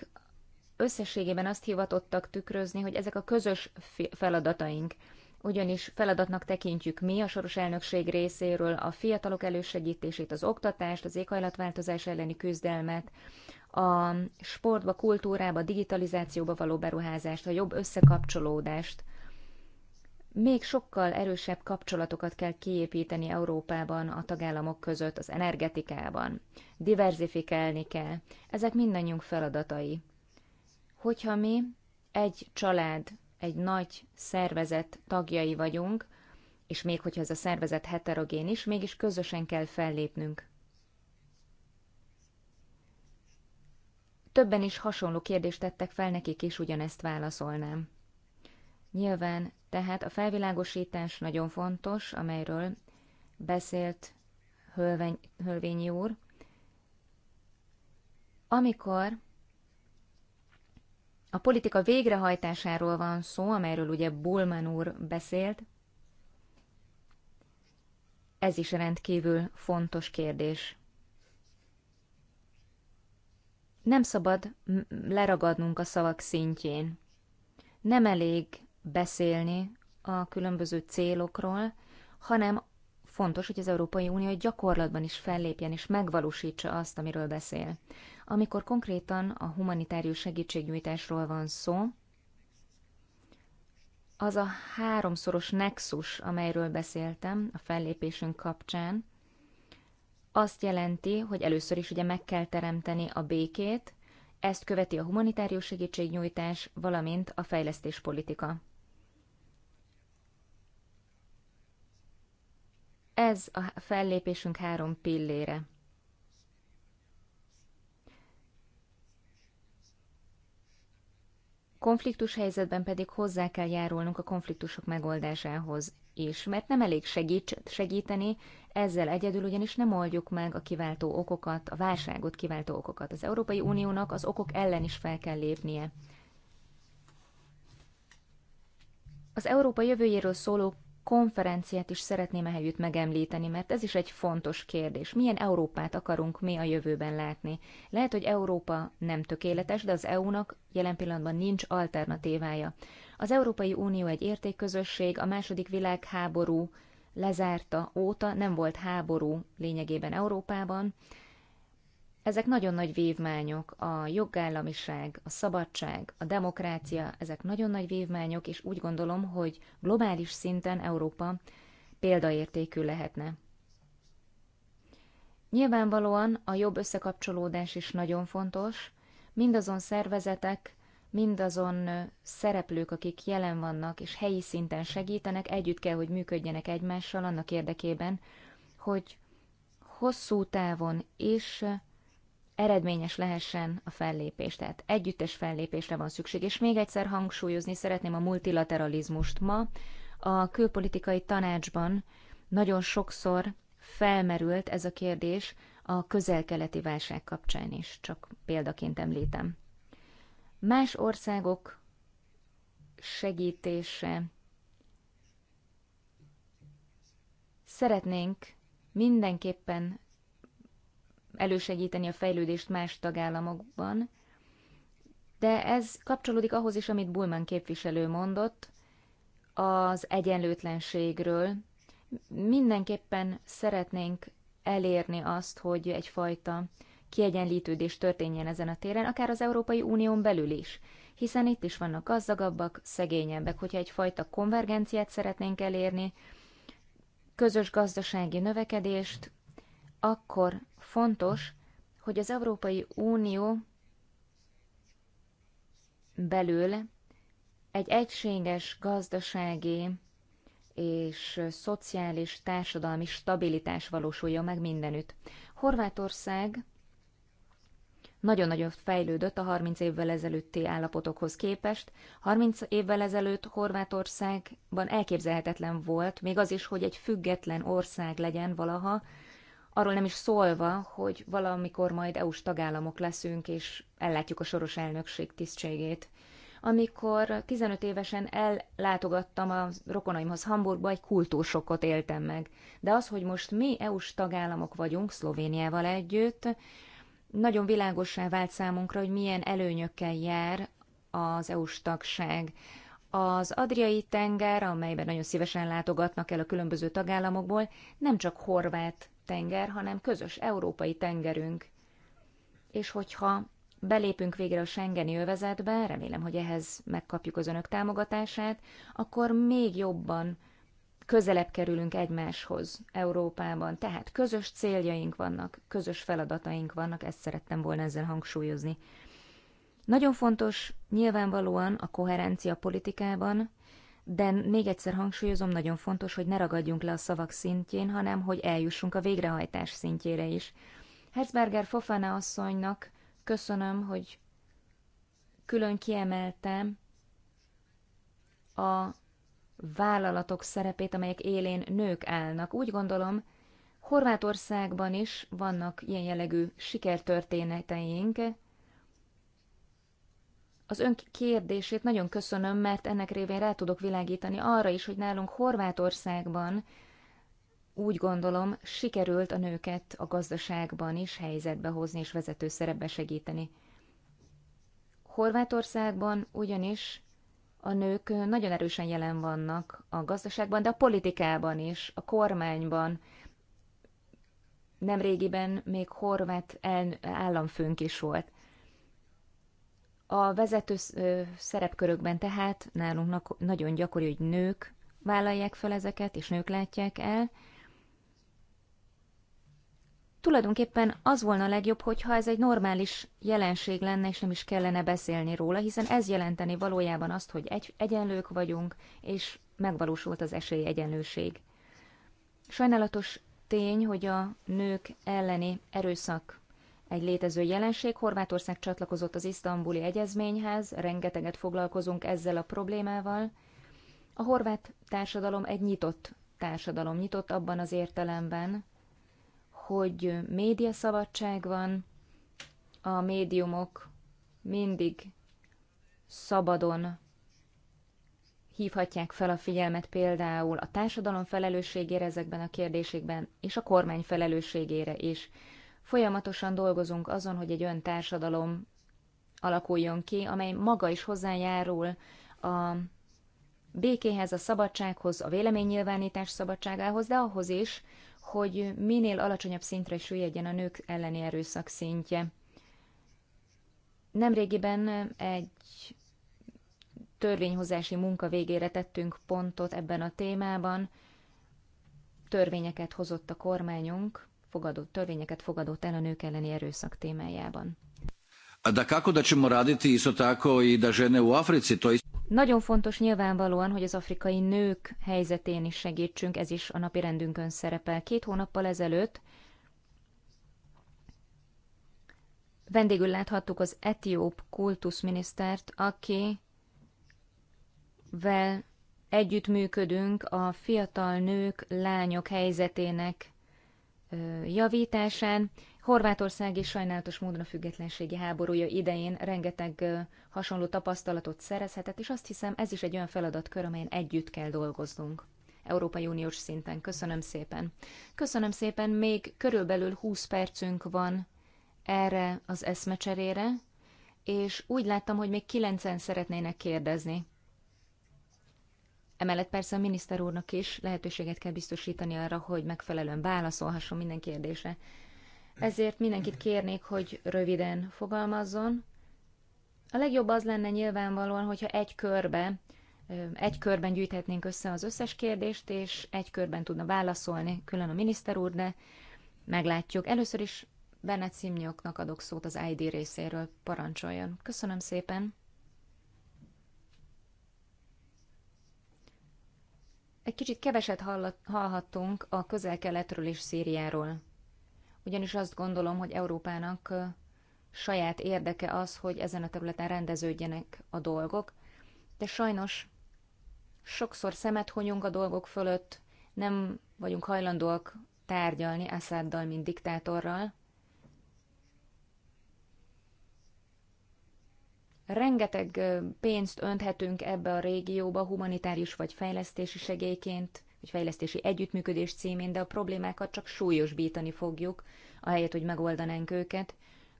összességében azt hivatottak tükrözni, hogy ezek a közös feladataink – ugyanis feladatnak tekintjük mi a soros elnökség részéről a fiatalok elősegítését, az oktatást, az éghajlatváltozás elleni küzdelmet, a sportba, kultúrába, digitalizációba való beruházást, a jobb összekapcsolódást. Még sokkal erősebb kapcsolatokat kell kiépíteni Európában, a tagállamok között, az energetikában. Diverzifikálni kell. Ezek mindannyiunk feladatai. Hogyha mi egy család egy nagy szervezet tagjai vagyunk, és még hogyha ez a szervezet heterogén is, mégis közösen kell fellépnünk. Többen is hasonló kérdést tettek fel, nekik is ugyanezt válaszolnám. Nyilván, tehát a felvilágosítás nagyon fontos, amelyről beszélt Hölvény, Hölvényi úr. Amikor a politika végrehajtásáról van szó, amelyről ugye Bulman úr beszélt. Ez is rendkívül fontos kérdés. Nem szabad leragadnunk a szavak szintjén. Nem elég beszélni a különböző célokról, hanem fontos, hogy az Európai Unió gyakorlatban is fellépjen és megvalósítsa azt, amiről beszél. Amikor konkrétan a humanitárius segítségnyújtásról van szó, az a háromszoros nexus, amelyről beszéltem a fellépésünk kapcsán, azt jelenti, hogy először is ugye meg kell teremteni a békét, ezt követi a humanitárius segítségnyújtás, valamint a fejlesztéspolitika. Ez a fellépésünk három pillére. Konfliktus helyzetben pedig hozzá kell járulnunk a konfliktusok megoldásához is, mert nem elég segíts, segíteni, ezzel egyedül ugyanis nem oldjuk meg a kiváltó okokat, a válságot kiváltó okokat. Az Európai Uniónak az okok ellen is fel kell lépnie. Az Európa jövőjéről szóló konferenciát is szeretném ehelyütt megemlíteni, mert ez is egy fontos kérdés. Milyen Európát akarunk mi a jövőben látni? Lehet, hogy Európa nem tökéletes, de az EU-nak jelen pillanatban nincs alternatívája. Az Európai Unió egy értékközösség, a második világháború lezárta óta nem volt háború lényegében Európában, ezek nagyon nagy vívmányok, a jogállamiság, a szabadság, a demokrácia, ezek nagyon nagy vívmányok, és úgy gondolom, hogy globális szinten Európa példaértékű lehetne. Nyilvánvalóan a jobb összekapcsolódás is nagyon fontos, mindazon szervezetek, mindazon szereplők, akik jelen vannak és helyi szinten segítenek, együtt kell, hogy működjenek egymással annak érdekében, hogy hosszú távon és eredményes lehessen a fellépés. Tehát együttes fellépésre van szükség. És még egyszer hangsúlyozni szeretném a multilateralizmust. Ma a külpolitikai tanácsban nagyon sokszor felmerült ez a kérdés a közel-keleti válság kapcsán is, csak példaként említem. Más országok segítése. Szeretnénk mindenképpen elősegíteni a fejlődést más tagállamokban, de ez kapcsolódik ahhoz is, amit Bulman képviselő mondott az egyenlőtlenségről. Mindenképpen szeretnénk elérni azt, hogy egyfajta kiegyenlítődés történjen ezen a téren, akár az Európai Unión belül is. Hiszen itt is vannak gazdagabbak, szegényebbek. Hogyha egyfajta konvergenciát szeretnénk elérni, közös gazdasági növekedést, akkor fontos, hogy az Európai Unió belül egy egységes gazdasági és szociális társadalmi stabilitás valósulja meg mindenütt. Horvátország nagyon-nagyon fejlődött a 30 évvel ezelőtti állapotokhoz képest. 30 évvel ezelőtt Horvátországban elképzelhetetlen volt, még az is, hogy egy független ország legyen valaha, arról nem is szólva, hogy valamikor majd EU-s tagállamok leszünk, és ellátjuk a soros elnökség tisztségét. Amikor 15 évesen ellátogattam a rokonaimhoz Hamburgba, egy kultúrsokot éltem meg. De az, hogy most mi EU-s tagállamok vagyunk Szlovéniával együtt, nagyon világosá vált számunkra, hogy milyen előnyökkel jár az EU-s tagság. Az Adriai tenger, amelyben nagyon szívesen látogatnak el a különböző tagállamokból, nem csak horvát tenger, hanem közös európai tengerünk. És hogyha belépünk végre a Schengeni övezetbe, remélem, hogy ehhez megkapjuk az önök támogatását, akkor még jobban közelebb kerülünk egymáshoz Európában. Tehát közös céljaink vannak, közös feladataink vannak, ezt szerettem volna ezzel hangsúlyozni. Nagyon fontos nyilvánvalóan a koherencia politikában, de még egyszer hangsúlyozom, nagyon fontos, hogy ne ragadjunk le a szavak szintjén, hanem hogy eljussunk a végrehajtás szintjére is. Herzberger Fofana asszonynak köszönöm, hogy külön kiemeltem a vállalatok szerepét, amelyek élén nők állnak. Úgy gondolom, Horvátországban is vannak ilyen jellegű sikertörténeteink, az ön kérdését nagyon köszönöm, mert ennek révén rá tudok világítani arra is, hogy nálunk Horvátországban úgy gondolom, sikerült a nőket a gazdaságban is helyzetbe hozni és vezető szerepbe segíteni. Horvátországban ugyanis a nők nagyon erősen jelen vannak a gazdaságban, de a politikában is, a kormányban. Nemrégiben még horvát államfőnk is volt. A vezető szerepkörökben tehát nálunk nagyon gyakori, hogy nők vállalják fel ezeket, és nők látják el. Tulajdonképpen az volna a legjobb, hogyha ez egy normális jelenség lenne, és nem is kellene beszélni róla, hiszen ez jelenteni valójában azt, hogy egy, egyenlők vagyunk, és megvalósult az esély egyenlőség. Sajnálatos tény, hogy a nők elleni erőszak egy létező jelenség. Horvátország csatlakozott az isztambuli egyezményhez, rengeteget foglalkozunk ezzel a problémával. A horvát társadalom egy nyitott társadalom, nyitott abban az értelemben, hogy szabadság van, a médiumok mindig szabadon hívhatják fel a figyelmet például a társadalom felelősségére ezekben a kérdésekben, és a kormány felelősségére is. Folyamatosan dolgozunk azon, hogy egy olyan társadalom alakuljon ki, amely maga is hozzájárul a békéhez, a szabadsághoz, a véleménynyilvánítás szabadságához, de ahhoz is, hogy minél alacsonyabb szintre süllyedjen a nők elleni erőszak szintje. Nemrégiben egy törvényhozási munka végére tettünk pontot ebben a témában. Törvényeket hozott a kormányunk fogadott, törvényeket fogadott el a nők elleni erőszak témájában. De kako da ćemo raditi isto tako i da žene u Africi, to nagyon fontos nyilvánvalóan, hogy az afrikai nők helyzetén is segítsünk, ez is a napi rendünkön szerepel. Két hónappal ezelőtt vendégül láthattuk az etióp kultuszminisztert, akivel együttműködünk a fiatal nők, lányok helyzetének javításán. Horvátország is sajnálatos módon a függetlenségi háborúja idején rengeteg hasonló tapasztalatot szerezhetett, és azt hiszem ez is egy olyan feladatkör, amelyen együtt kell dolgoznunk. Európai Uniós szinten. Köszönöm szépen. Köszönöm szépen, még körülbelül 20 percünk van erre az eszmecserére, és úgy láttam, hogy még 9-en szeretnének kérdezni. Emellett persze a miniszter úrnak is lehetőséget kell biztosítani arra, hogy megfelelően válaszolhasson minden kérdésre. Ezért mindenkit kérnék, hogy röviden fogalmazzon. A legjobb az lenne nyilvánvalóan, hogyha egy körbe, egy körben gyűjthetnénk össze az összes kérdést, és egy körben tudna válaszolni külön a miniszter úr, de meglátjuk. Először is Bennett Szimnyoknak adok szót az ID részéről. Parancsoljon. Köszönöm szépen. Egy kicsit keveset hallat, hallhattunk a közel-keletről és Szíriáról. Ugyanis azt gondolom, hogy Európának saját érdeke az, hogy ezen a területen rendeződjenek a dolgok, de sajnos sokszor szemet hunyunk a dolgok fölött, nem vagyunk hajlandóak tárgyalni Assaddal, mint diktátorral, Rengeteg pénzt önthetünk ebbe a régióba humanitárius vagy fejlesztési segélyként, vagy fejlesztési együttműködés címén, de a problémákat csak súlyosbítani fogjuk, ahelyett, hogy megoldanánk őket.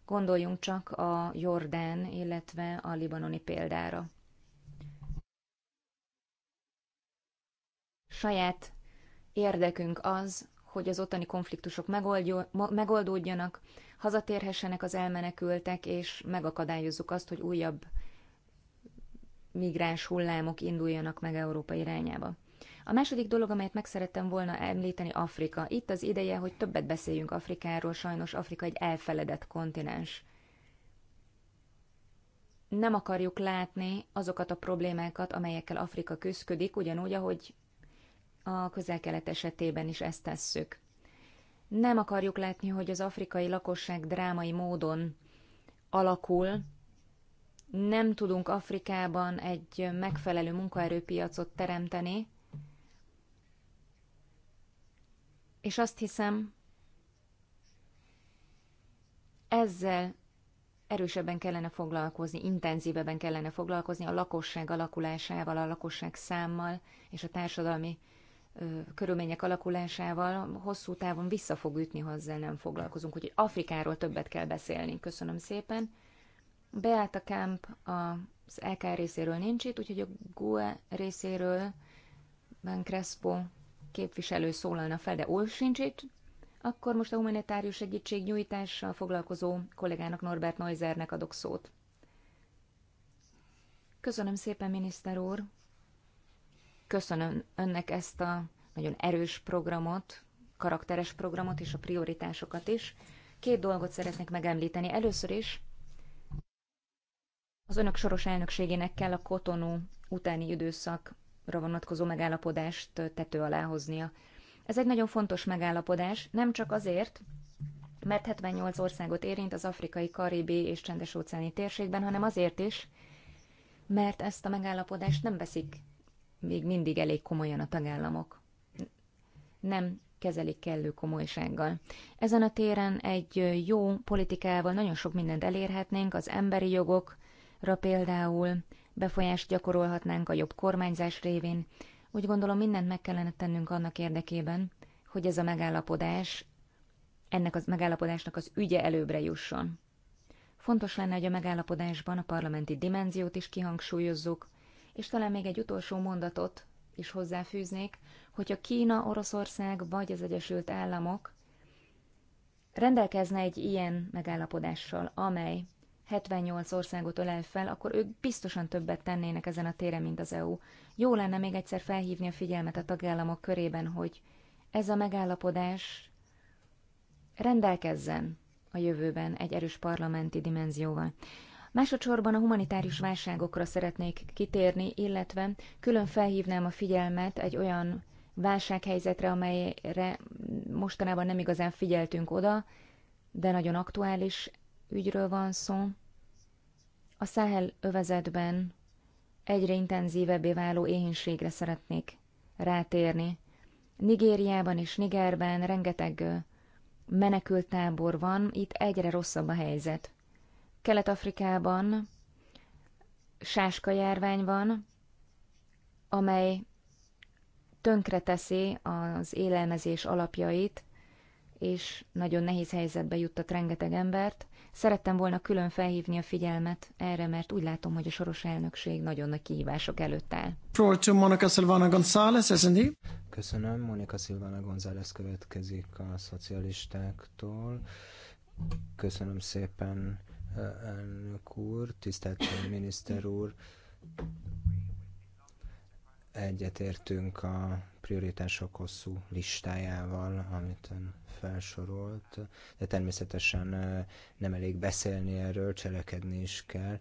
Gondoljunk csak a Jordán, illetve a libanoni példára. Saját érdekünk az, hogy az ottani konfliktusok megoldódjanak, hazatérhessenek az elmenekültek, és megakadályozzuk azt, hogy újabb migráns hullámok induljanak meg Európa irányába. A második dolog, amelyet meg szerettem volna említeni, Afrika. Itt az ideje, hogy többet beszéljünk Afrikáról, sajnos Afrika egy elfeledett kontinens. Nem akarjuk látni azokat a problémákat, amelyekkel Afrika küzdik, ugyanúgy, ahogy a közel-kelet esetében is ezt tesszük. Nem akarjuk látni, hogy az afrikai lakosság drámai módon alakul, nem tudunk Afrikában egy megfelelő munkaerőpiacot teremteni, és azt hiszem, ezzel erősebben kellene foglalkozni, intenzívebben kellene foglalkozni a lakosság alakulásával, a lakosság számmal és a társadalmi körülmények alakulásával hosszú távon vissza fog ütni, ha ezzel nem foglalkozunk. Úgyhogy Afrikáról többet kell beszélni. Köszönöm szépen. Beáta Kemp az LK e részéről nincs itt, úgyhogy a GUE részéről Ben Crespo képviselő szólalna fel, de Ulf sincs itt. Akkor most a humanitárius segítség nyújtással foglalkozó kollégának Norbert Neuzernek adok szót. Köszönöm szépen, miniszter úr! Köszönöm önnek ezt a nagyon erős programot, karakteres programot és a prioritásokat is. Két dolgot szeretnék megemlíteni. Először is az önök soros elnökségének kell a kotonú utáni időszakra vonatkozó megállapodást tető alá hoznia. Ez egy nagyon fontos megállapodás, nem csak azért, mert 78 országot érint az afrikai, karibi és csendes óceáni térségben, hanem azért is, mert ezt a megállapodást nem veszik még mindig elég komolyan a tagállamok. Nem kezelik kellő komolysággal. Ezen a téren egy jó politikával nagyon sok mindent elérhetnénk, az emberi jogokra például befolyást gyakorolhatnánk a jobb kormányzás révén. Úgy gondolom mindent meg kellene tennünk annak érdekében, hogy ez a megállapodás, ennek a megállapodásnak az ügye előbbre jusson. Fontos lenne, hogy a megállapodásban a parlamenti dimenziót is kihangsúlyozzuk, és talán még egy utolsó mondatot is hozzáfűznék, hogyha Kína, Oroszország vagy az Egyesült Államok rendelkezne egy ilyen megállapodással, amely 78 országot ölel fel, akkor ők biztosan többet tennének ezen a téren, mint az EU. Jó lenne még egyszer felhívni a figyelmet a tagállamok körében, hogy ez a megállapodás rendelkezzen a jövőben egy erős parlamenti dimenzióval. Másodszorban a humanitárius válságokra szeretnék kitérni, illetve külön felhívnám a figyelmet egy olyan válsághelyzetre, amelyre mostanában nem igazán figyeltünk oda, de nagyon aktuális ügyről van szó. A Száhel övezetben egyre intenzívebbé váló éhénységre szeretnék rátérni. Nigériában és Nigerben rengeteg menekültábor van, itt egyre rosszabb a helyzet. Kelet-Afrikában sáska járvány van, amely tönkreteszi az élelmezés alapjait, és nagyon nehéz helyzetbe juttat rengeteg embert. Szerettem volna külön felhívni a figyelmet erre, mert úgy látom, hogy a soros elnökség nagyon nagy kihívások előtt áll. Floor to Monica Silvana González, Köszönöm, Monika Silvana González következik a szocialistáktól. Köszönöm szépen elnök úr, tisztelt miniszter úr. Egyetértünk a prioritások hosszú listájával, amit ön felsorolt, de természetesen nem elég beszélni erről, cselekedni is kell.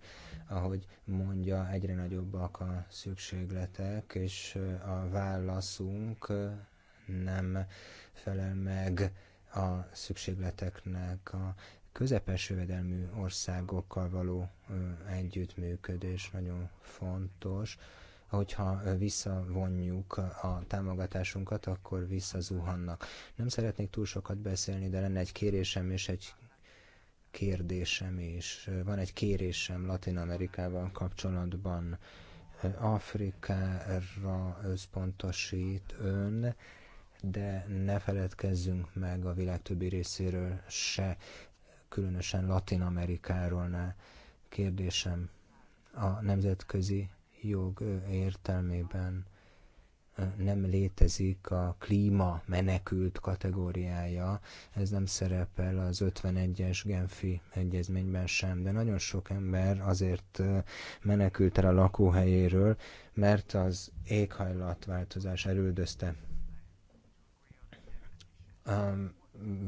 Ahogy mondja, egyre nagyobbak a szükségletek, és a válaszunk nem felel meg a szükségleteknek, a közepes jövedelmű országokkal való együttműködés nagyon fontos. Hogyha visszavonjuk a támogatásunkat, akkor visszazuhannak. Nem szeretnék túl sokat beszélni, de lenne egy kérésem és egy kérdésem is. Van egy kérésem Latin Amerikával kapcsolatban. Afrikára összpontosít ön, de ne feledkezzünk meg a világ többi részéről se különösen Latin Amerikáról ne kérdésem a nemzetközi jog értelmében nem létezik a klíma menekült kategóriája, ez nem szerepel az 51-es Genfi egyezményben sem, de nagyon sok ember azért menekült el a lakóhelyéről, mert az éghajlatváltozás erődözte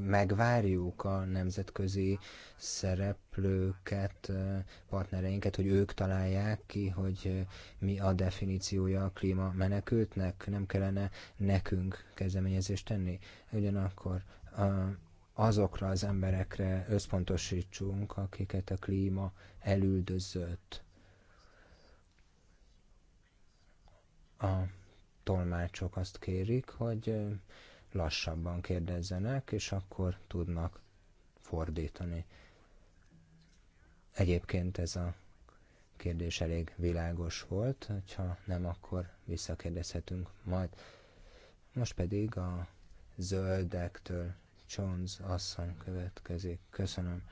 megvárjuk a nemzetközi szereplőket, partnereinket, hogy ők találják ki, hogy mi a definíciója a klíma menekültnek, nem kellene nekünk kezdeményezést tenni. Ugyanakkor azokra az emberekre összpontosítsunk, akiket a klíma elüldözött. A tolmácsok azt kérik, hogy lassabban kérdezzenek, és akkor tudnak fordítani. Egyébként ez a kérdés elég világos volt, ha nem, akkor visszakérdezhetünk majd. Most pedig a zöldektől Jones asszony következik. Köszönöm.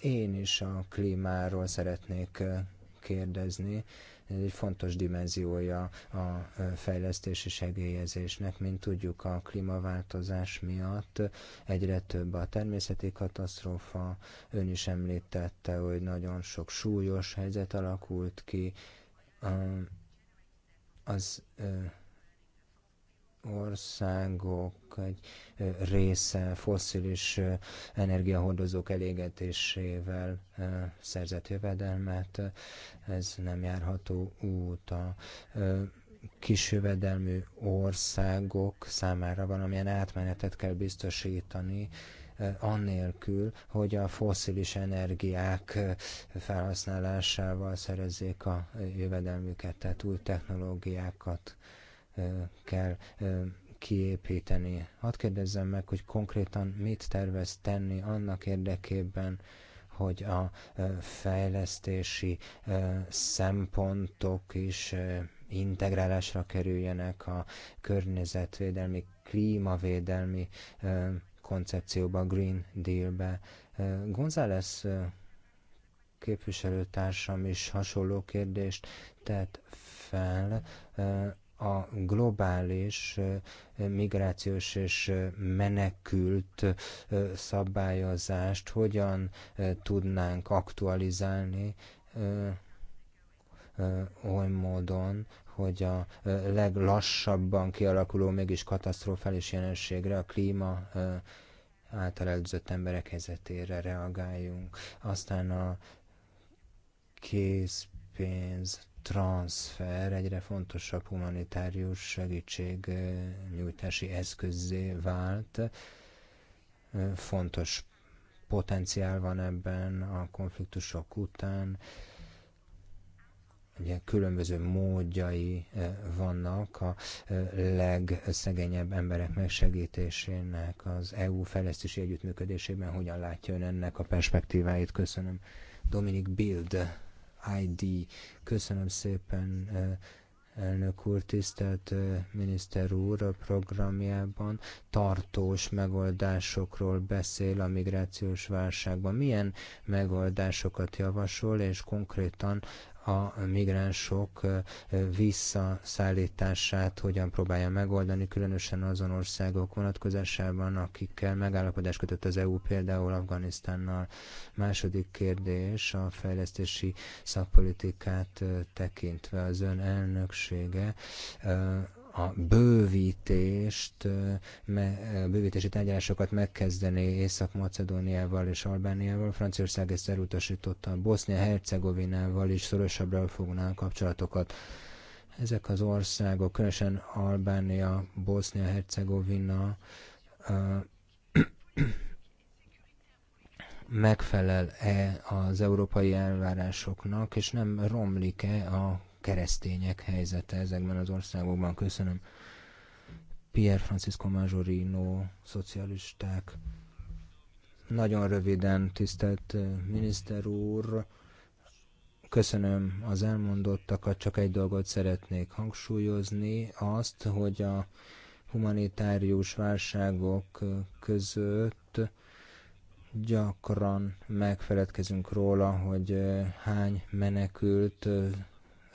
Én is a klímáról szeretnék kérdezni. Ez egy fontos dimenziója a fejlesztési segélyezésnek. Mint tudjuk, a klímaváltozás miatt egyre több a természeti katasztrófa. Ön is említette, hogy nagyon sok súlyos helyzet alakult ki. Az országok egy része fosszilis energiahordozók elégetésével szerzett jövedelmet. Ez nem járható út a kis jövedelmű országok számára valamilyen átmenetet kell biztosítani, annélkül, hogy a fosszilis energiák felhasználásával szerezzék a jövedelmüket, tehát új technológiákat kell kiépíteni. Hadd kérdezzem meg, hogy konkrétan mit tervez tenni annak érdekében, hogy a fejlesztési szempontok is integrálásra kerüljenek a környezetvédelmi, klímavédelmi koncepcióba, Green Deal-be. González képviselőtársam is hasonló kérdést tett fel a globális migrációs és menekült szabályozást hogyan tudnánk aktualizálni oly módon, hogy a leglassabban kialakuló, mégis katasztrofális jelenségre, a klíma által előzött emberek helyzetére reagáljunk. Aztán a készpénz transfer egyre fontosabb humanitárius segítség nyújtási eszközzé vált. Fontos potenciál van ebben a konfliktusok után. Ugye különböző módjai vannak a legszegényebb emberek megsegítésének, az EU fejlesztési együttműködésében hogyan látja ön ennek a perspektíváit? Köszönöm. Dominik Bild ID. Köszönöm szépen elnök úr, tisztelt miniszter úr a programjában tartós megoldásokról beszél a migrációs válságban. Milyen megoldásokat javasol, és konkrétan a migránsok visszaszállítását hogyan próbálja megoldani, különösen azon országok vonatkozásában, akikkel megállapodás kötött az EU, például Afganisztánnal. Második kérdés a fejlesztési szakpolitikát tekintve az ön elnöksége a bővítést, me, bővítési tárgyalásokat megkezdeni Észak-Macedóniával és Albániával. Franciaország ezt elutasította. Bosznia-Hercegovinával is szorosabbra fognál kapcsolatokat. Ezek az országok, különösen Albánia, Bosznia-Hercegovina megfelel-e az európai elvárásoknak, és nem romlik-e a keresztények helyzete ezekben az országokban. Köszönöm. Pierre Francisco Majorino, szocialisták. Nagyon röviden, tisztelt eh, miniszter úr, köszönöm az elmondottakat, csak egy dolgot szeretnék hangsúlyozni, azt, hogy a humanitárius válságok eh, között gyakran megfeledkezünk róla, hogy eh, hány menekült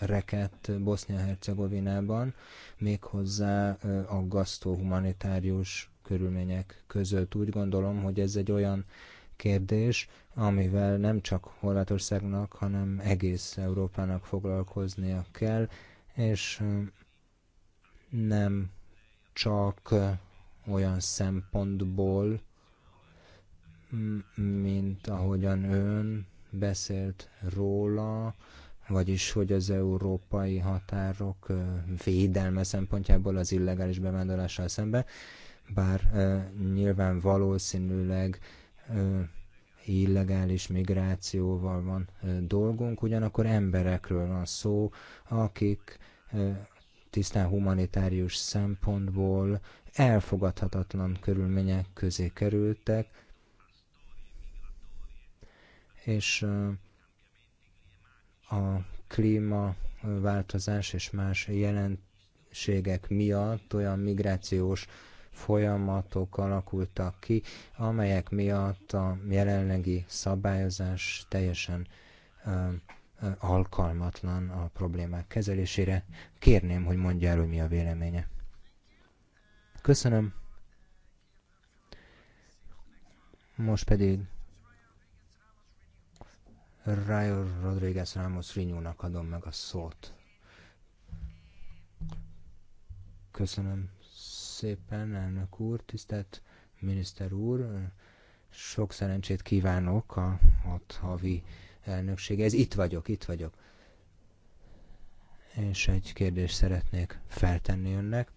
reket Bosznia-Hercegovinában, méghozzá aggasztó humanitárius körülmények között. Úgy gondolom, hogy ez egy olyan kérdés, amivel nem csak Horvátországnak, hanem egész Európának foglalkoznia kell, és nem csak olyan szempontból, mint ahogyan ön beszélt róla, vagyis hogy az európai határok védelme szempontjából az illegális bevándorlással szemben, bár nyilván valószínűleg illegális migrációval van dolgunk, ugyanakkor emberekről van szó, akik tisztán humanitárius szempontból elfogadhatatlan körülmények közé kerültek, és a klímaváltozás és más jelenségek miatt olyan migrációs folyamatok alakultak ki, amelyek miatt a jelenlegi szabályozás teljesen alkalmatlan a problémák kezelésére. Kérném, hogy mondja el, hogy mi a véleménye. Köszönöm. Most pedig Rayo Rodríguez Ramos Rinyónak adom meg a szót. Köszönöm szépen, elnök úr, tisztelt miniszter úr. Sok szerencsét kívánok a hat havi elnöksége. Ez itt vagyok, itt vagyok. És egy kérdést szeretnék feltenni önnek,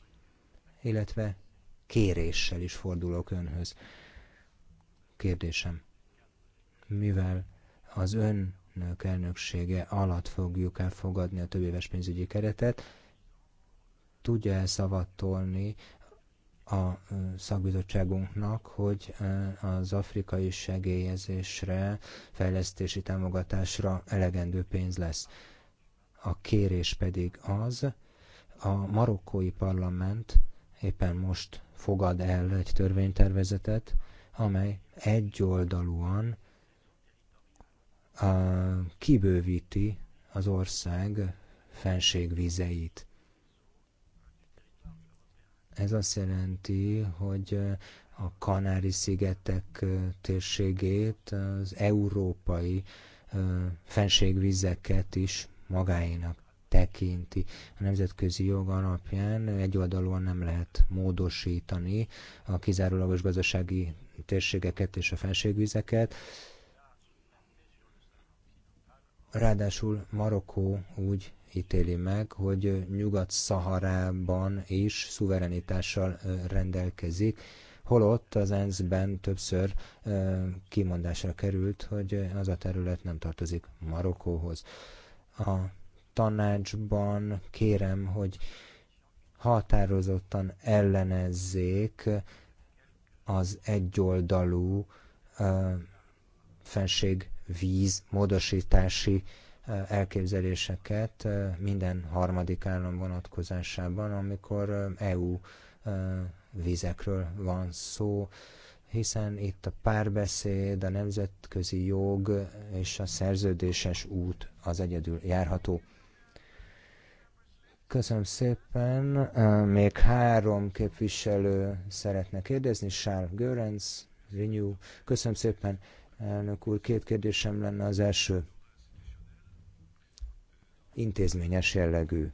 illetve kéréssel is fordulok önhöz. Kérdésem, mivel az önök elnöksége alatt fogjuk elfogadni a éves pénzügyi keretet, tudja elszavatolni a szakbizottságunknak, hogy az afrikai segélyezésre, fejlesztési támogatásra elegendő pénz lesz. A kérés pedig az, a marokkói parlament éppen most fogad el egy törvénytervezetet, amely egyoldalúan a, kibővíti az ország fenségvizeit. Ez azt jelenti, hogy a Kanári-szigetek térségét, az európai fenségvizeket is magáénak tekinti. A nemzetközi jog alapján egyoldalúan nem lehet módosítani a kizárólagos gazdasági térségeket és a fenségvizeket. Ráadásul Marokkó úgy ítéli meg, hogy Nyugat-Szaharában is szuverenitással rendelkezik, holott az ENSZ-ben többször kimondásra került, hogy az a terület nem tartozik Marokkóhoz. A tanácsban kérem, hogy határozottan ellenezzék az egyoldalú fenség víz módosítási elképzeléseket minden harmadik állam vonatkozásában, amikor EU vizekről van szó, hiszen itt a párbeszéd, a nemzetközi jog és a szerződéses út az egyedül járható. Köszönöm szépen. Még három képviselő szeretne kérdezni. Sál Görenc, Renew. Köszönöm szépen elnök úr. Két kérdésem lenne az első. Intézményes jellegű.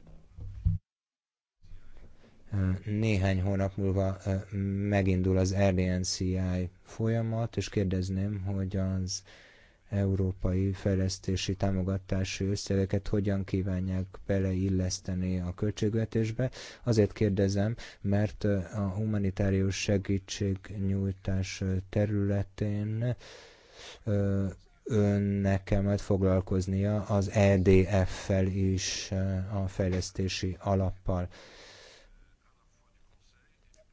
Néhány hónap múlva megindul az RDNCI folyamat, és kérdezném, hogy az európai fejlesztési támogatási összegeket hogyan kívánják beleilleszteni a költségvetésbe. Azért kérdezem, mert a humanitárius segítségnyújtás területén önnek kell majd foglalkoznia az EDF-fel is, a fejlesztési alappal.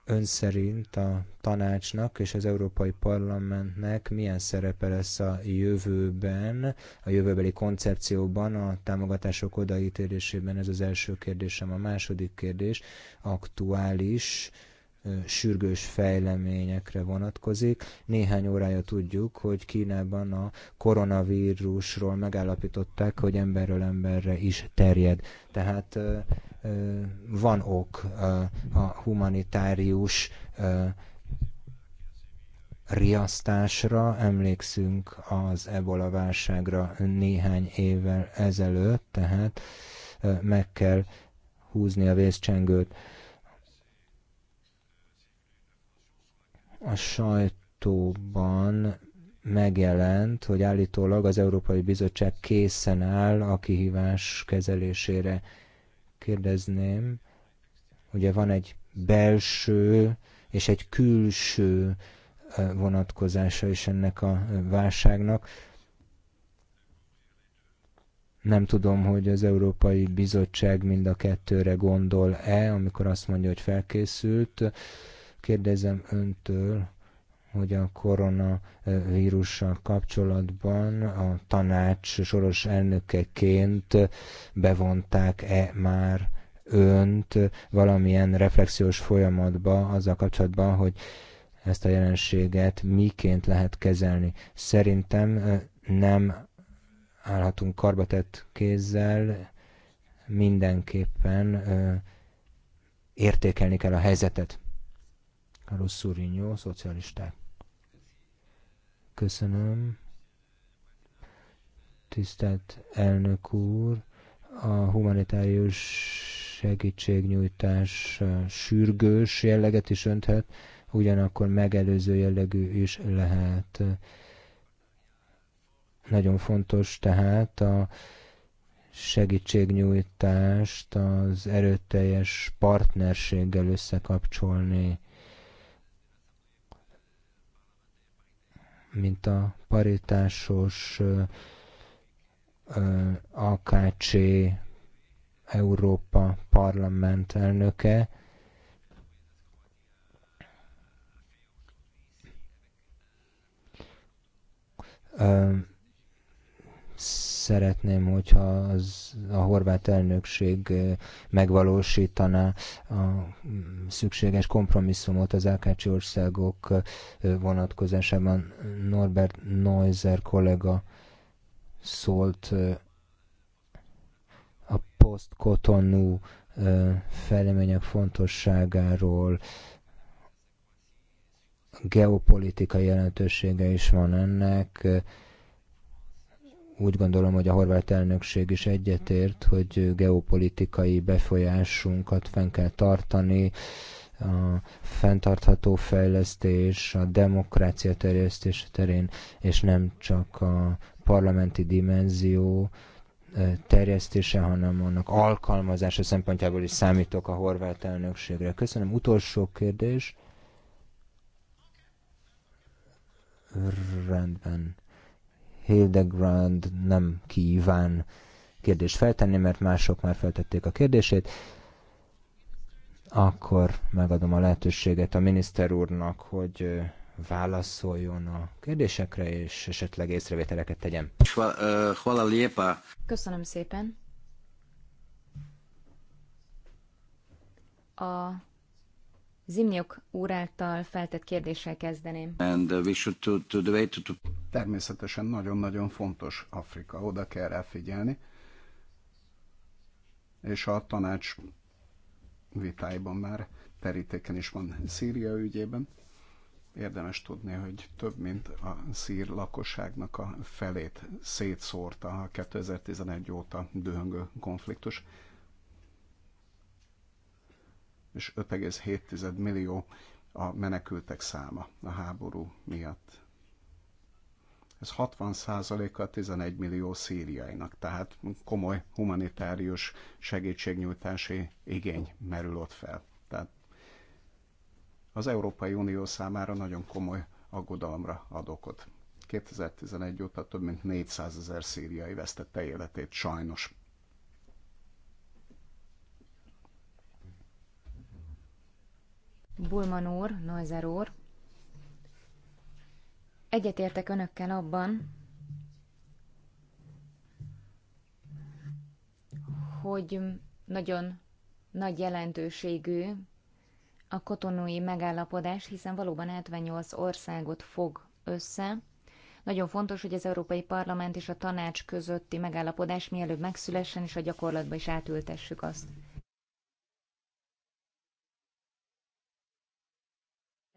Ön szerint a tanácsnak és az Európai Parlamentnek milyen szerepe lesz a jövőben, a jövőbeli koncepcióban, a támogatások odaítélésében? Ez az első kérdésem. A második kérdés aktuális sürgős fejleményekre vonatkozik. Néhány órája tudjuk, hogy Kínában a koronavírusról megállapították, hogy emberről emberre is terjed. Tehát van ok a humanitárius riasztásra, emlékszünk az ebola válságra néhány évvel ezelőtt, tehát meg kell húzni a vészcsengőt. a sajtóban megjelent, hogy állítólag az Európai Bizottság készen áll a kihívás kezelésére. Kérdezném, ugye van egy belső és egy külső vonatkozása is ennek a válságnak. Nem tudom, hogy az Európai Bizottság mind a kettőre gondol-e, amikor azt mondja, hogy felkészült Kérdezem öntől, hogy a koronavírussal kapcsolatban a tanács soros elnökeként bevonták-e már önt valamilyen reflexiós folyamatba azzal kapcsolatban, hogy ezt a jelenséget miként lehet kezelni. Szerintem nem állhatunk karbatett kézzel, mindenképpen értékelni kell a helyzetet. Carlos Surinho, szocialisták. Köszönöm. Tisztelt elnök úr, a humanitárius segítségnyújtás sürgős jelleget is önthet, ugyanakkor megelőző jellegű is lehet. Nagyon fontos tehát a segítségnyújtást az erőteljes partnerséggel összekapcsolni mint a paritásos AKC Európa parlament elnöke, Um, Szeretném, hogyha az, a horvát elnökség megvalósítaná a szükséges kompromisszumot az AKC országok vonatkozásában. Norbert Neuser kollega szólt a posztkotonú cotonou fejlemények fontosságáról, geopolitikai jelentősége is van ennek, úgy gondolom, hogy a horvát elnökség is egyetért, hogy geopolitikai befolyásunkat fenn kell tartani, a fenntartható fejlesztés, a demokrácia terjesztés terén, és nem csak a parlamenti dimenzió terjesztése, hanem annak alkalmazása szempontjából is számítok a horvát elnökségre. Köszönöm. Utolsó kérdés. Rendben. Hildegrand nem kíván kérdést feltenni, mert mások már feltették a kérdését. Akkor megadom a lehetőséget a miniszter úrnak, hogy válaszoljon a kérdésekre, és esetleg észrevételeket tegyen. Köszönöm szépen. A Zimnyok úr által feltett kérdéssel kezdeném. And uh, we should to, to the way to, to... Természetesen nagyon-nagyon fontos Afrika, oda kell rá figyelni. És a tanács vitáiban már terítéken is van Szíria ügyében. Érdemes tudni, hogy több mint a szír lakosságnak a felét szétszórta a 2011 óta dühöngő konfliktus és 5,7 millió a menekültek száma a háború miatt. Ez 60%-a 11 millió szíriainak, tehát komoly humanitárius segítségnyújtási igény merül ott fel. Tehát az Európai Unió számára nagyon komoly aggodalomra ad okot. 2011 óta több mint 400 ezer szíriai vesztette életét sajnos. Bulman úr, Neuser úr, egyetértek önökkel abban, hogy nagyon nagy jelentőségű a kotonói megállapodás, hiszen valóban 78 országot fog össze. Nagyon fontos, hogy az Európai Parlament és a tanács közötti megállapodás mielőbb megszülessen, és a gyakorlatba is átültessük azt.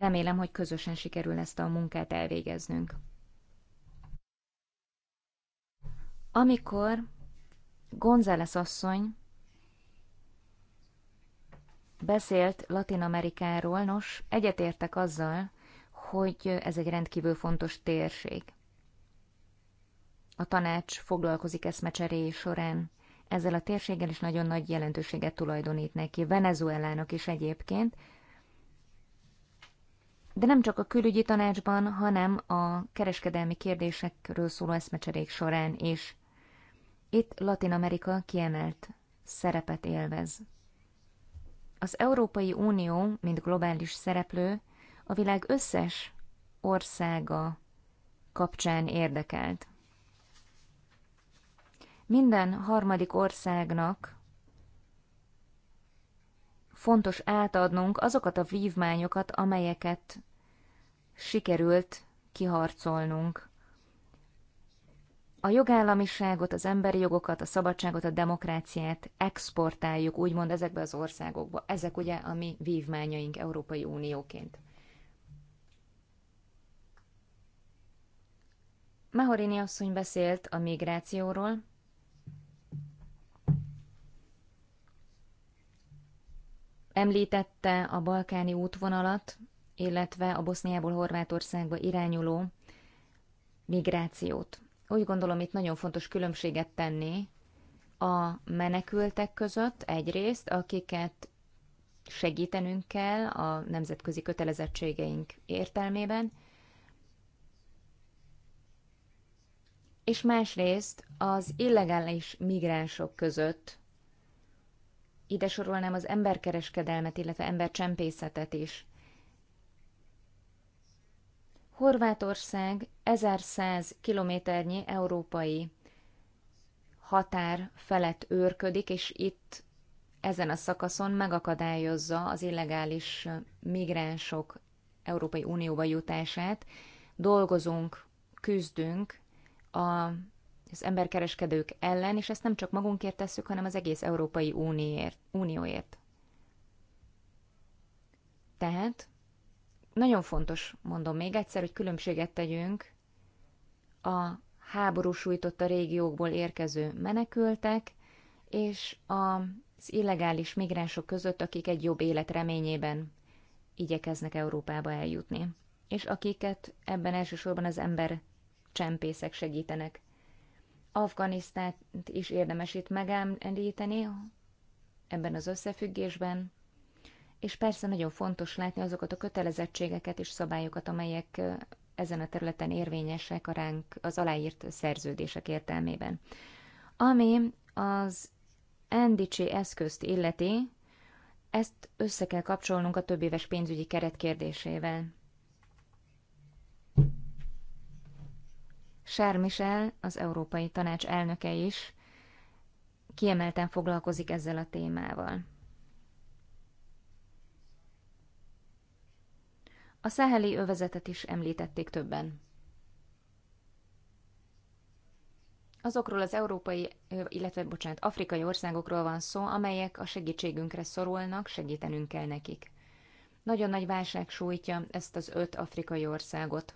Remélem, hogy közösen sikerül ezt a munkát elvégeznünk. Amikor González asszony beszélt Latin Amerikáról, nos, egyetértek azzal, hogy ez egy rendkívül fontos térség. A tanács foglalkozik eszmecseréi során ezzel a térséggel is nagyon nagy jelentőséget tulajdonít neki, Venezuelának is egyébként, de nem csak a külügyi tanácsban, hanem a kereskedelmi kérdésekről szóló eszmecserék során is. Itt Latin Amerika kiemelt szerepet élvez. Az Európai Unió, mint globális szereplő, a világ összes országa kapcsán érdekelt. Minden harmadik országnak fontos átadnunk azokat a vívmányokat, amelyeket sikerült kiharcolnunk. A jogállamiságot, az emberi jogokat, a szabadságot, a demokráciát exportáljuk úgymond ezekbe az országokba. Ezek ugye a mi vívmányaink Európai Unióként. Mahorini asszony beszélt a migrációról, Említette a balkáni útvonalat, illetve a Boszniából Horvátországba irányuló migrációt. Úgy gondolom, itt nagyon fontos különbséget tenni a menekültek között egyrészt, akiket segítenünk kell a nemzetközi kötelezettségeink értelmében, és másrészt az illegális migránsok között, ide sorolnám az emberkereskedelmet, illetve embercsempészetet is. Horvátország 1100 kilométernyi európai határ felett őrködik, és itt ezen a szakaszon megakadályozza az illegális migránsok Európai Unióba jutását. Dolgozunk, küzdünk a az emberkereskedők ellen, és ezt nem csak magunkért tesszük, hanem az egész Európai Unióért. Unióért. Tehát nagyon fontos, mondom még egyszer, hogy különbséget tegyünk a háború sújtotta régiókból érkező menekültek, és az illegális migránsok között, akik egy jobb élet reményében igyekeznek Európába eljutni, és akiket ebben elsősorban az ember csempészek segítenek. Afganisztánt is érdemes itt megemlíteni ebben az összefüggésben, és persze nagyon fontos látni azokat a kötelezettségeket és szabályokat, amelyek ezen a területen érvényesek a ránk az aláírt szerződések értelmében. Ami az NDC eszközt illeti, ezt össze kell kapcsolnunk a több éves pénzügyi keret kérdésével. Charles Michel, az Európai Tanács elnöke is kiemelten foglalkozik ezzel a témával. A szeheli övezetet is említették többen. Azokról az európai, illetve bocsánat, afrikai országokról van szó, amelyek a segítségünkre szorulnak, segítenünk kell nekik. Nagyon nagy válság sújtja ezt az öt afrikai országot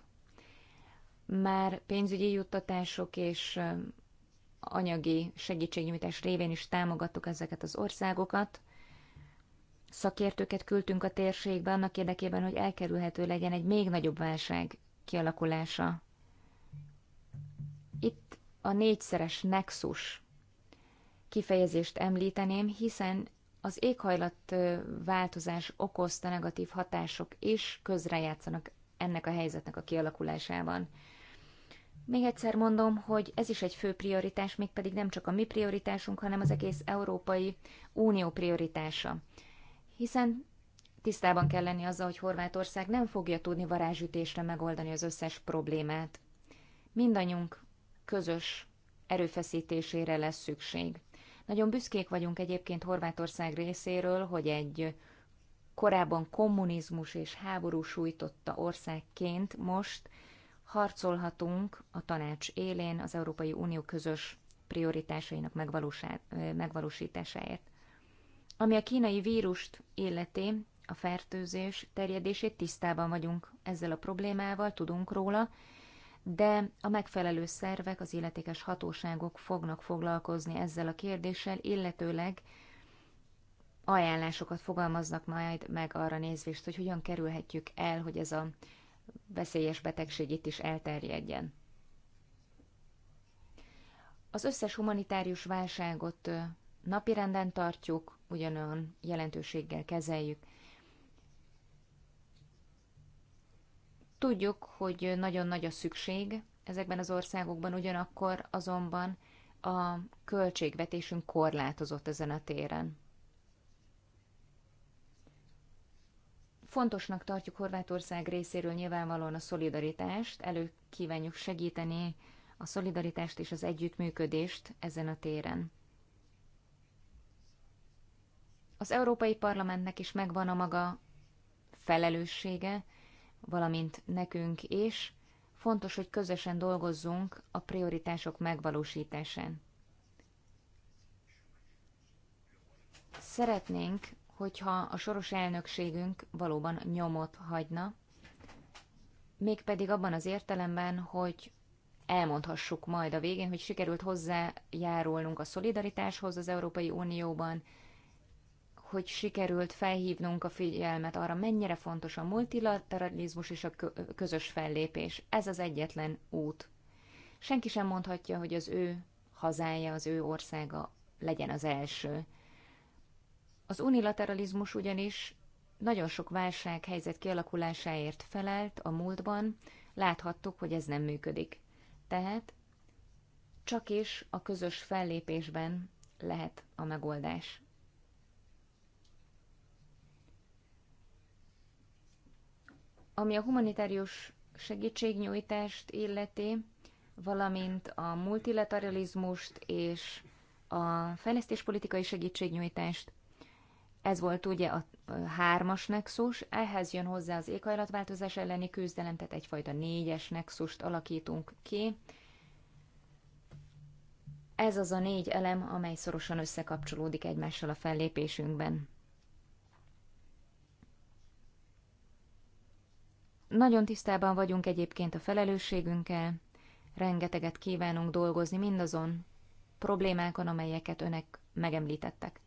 már pénzügyi juttatások és anyagi segítségnyújtás révén is támogattuk ezeket az országokat. Szakértőket küldtünk a térségbe annak érdekében, hogy elkerülhető legyen egy még nagyobb válság kialakulása. Itt a négyszeres nexus kifejezést említeném, hiszen az éghajlatváltozás okozta negatív hatások is közrejátszanak ennek a helyzetnek a kialakulásában. Még egyszer mondom, hogy ez is egy fő prioritás, mégpedig nem csak a mi prioritásunk, hanem az egész Európai Unió prioritása. Hiszen tisztában kell lenni azzal, hogy Horvátország nem fogja tudni varázsütésre megoldani az összes problémát. Mindannyiunk közös erőfeszítésére lesz szükség. Nagyon büszkék vagyunk egyébként Horvátország részéről, hogy egy korábban kommunizmus és háború sújtotta országként most harcolhatunk a tanács élén az Európai Unió közös prioritásainak megvalósításáért. Ami a kínai vírust illeti, a fertőzés terjedését tisztában vagyunk ezzel a problémával, tudunk róla, de a megfelelő szervek, az illetékes hatóságok fognak foglalkozni ezzel a kérdéssel, illetőleg ajánlásokat fogalmaznak majd meg arra nézvést, hogy hogyan kerülhetjük el, hogy ez a veszélyes betegség itt is elterjedjen. Az összes humanitárius válságot napirenden tartjuk, ugyanolyan jelentőséggel kezeljük. Tudjuk, hogy nagyon nagy a szükség ezekben az országokban, ugyanakkor azonban a költségvetésünk korlátozott ezen a téren. Fontosnak tartjuk Horvátország részéről nyilvánvalóan a szolidaritást, elő kívánjuk segíteni a szolidaritást és az együttműködést ezen a téren. Az Európai Parlamentnek is megvan a maga felelőssége, valamint nekünk is. Fontos, hogy közösen dolgozzunk a prioritások megvalósításán. Szeretnénk hogyha a soros elnökségünk valóban nyomot hagyna, mégpedig abban az értelemben, hogy elmondhassuk majd a végén, hogy sikerült hozzájárulnunk a szolidaritáshoz az Európai Unióban, hogy sikerült felhívnunk a figyelmet arra, mennyire fontos a multilateralizmus és a közös fellépés. Ez az egyetlen út. Senki sem mondhatja, hogy az ő hazája, az ő országa legyen az első. Az unilateralizmus ugyanis nagyon sok helyzet kialakulásáért felelt a múltban, láthattuk, hogy ez nem működik. Tehát csak is a közös fellépésben lehet a megoldás. Ami a humanitárius segítségnyújtást illeti, valamint a multilateralizmust és a fejlesztéspolitikai segítségnyújtást, ez volt ugye a hármas nexus, ehhez jön hozzá az éghajlatváltozás elleni küzdelem, tehát egyfajta négyes nexust alakítunk ki. Ez az a négy elem, amely szorosan összekapcsolódik egymással a fellépésünkben. Nagyon tisztában vagyunk egyébként a felelősségünkkel, rengeteget kívánunk dolgozni mindazon problémákon, amelyeket önek megemlítettek.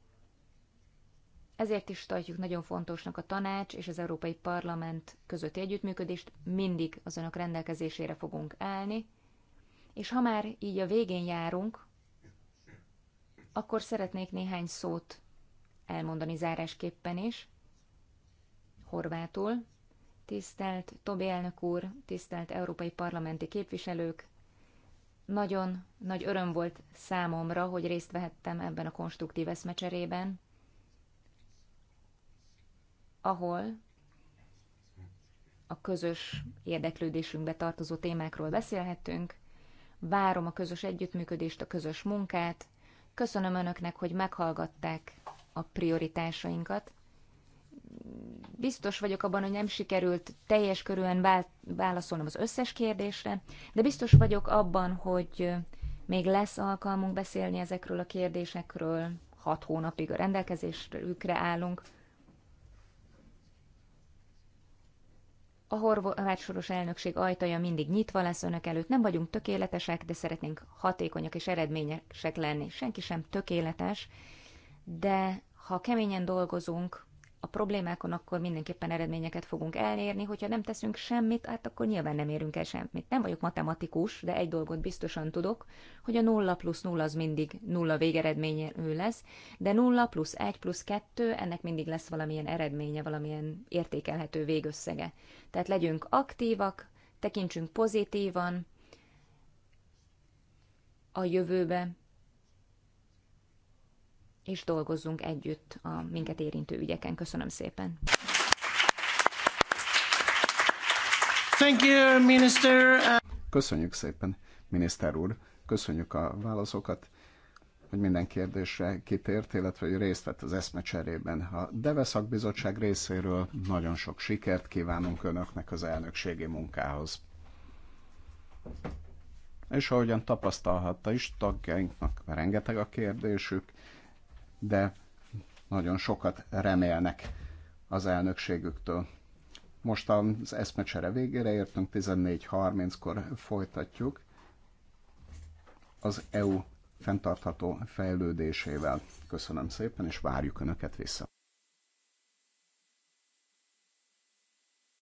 Ezért is tartjuk nagyon fontosnak a tanács és az Európai Parlament közötti együttműködést, mindig az önök rendelkezésére fogunk állni, és ha már így a végén járunk, akkor szeretnék néhány szót elmondani zárásképpen is, horvátul. Tisztelt Tobi elnök úr, tisztelt európai parlamenti képviselők, nagyon nagy öröm volt számomra, hogy részt vehettem ebben a konstruktív eszmecserében, ahol a közös érdeklődésünkbe tartozó témákról beszélhetünk, Várom a közös együttműködést, a közös munkát. Köszönöm Önöknek, hogy meghallgatták a prioritásainkat. Biztos vagyok abban, hogy nem sikerült teljes körülön válaszolnom az összes kérdésre, de biztos vagyok abban, hogy még lesz alkalmunk beszélni ezekről a kérdésekről, hat hónapig a rendelkezésükre állunk. A horvát soros elnökség ajtaja mindig nyitva lesz önök előtt. Nem vagyunk tökéletesek, de szeretnénk hatékonyak és eredményesek lenni. Senki sem tökéletes, de ha keményen dolgozunk, a problémákon, akkor mindenképpen eredményeket fogunk elérni. Hogyha nem teszünk semmit, hát akkor nyilván nem érünk el semmit. Nem vagyok matematikus, de egy dolgot biztosan tudok, hogy a 0 plusz 0 az mindig 0 végeredménye ő lesz, de 0 plusz 1 plusz 2, ennek mindig lesz valamilyen eredménye, valamilyen értékelhető végösszege. Tehát legyünk aktívak, tekintsünk pozitívan a jövőbe, és dolgozzunk együtt a minket érintő ügyeken. Köszönöm szépen! Thank you, minister. Köszönjük szépen, miniszter úr! Köszönjük a válaszokat! hogy minden kérdésre kitért, illetve hogy részt vett az eszmecserében. A Deve szakbizottság részéről nagyon sok sikert kívánunk Önöknek az elnökségi munkához. És ahogyan tapasztalhatta is, tagjainknak rengeteg a kérdésük, de nagyon sokat remélnek az elnökségüktől. Most az eszmecsere végére értünk, 14.30-kor folytatjuk az EU fenntartható fejlődésével. Köszönöm szépen, és várjuk Önöket vissza.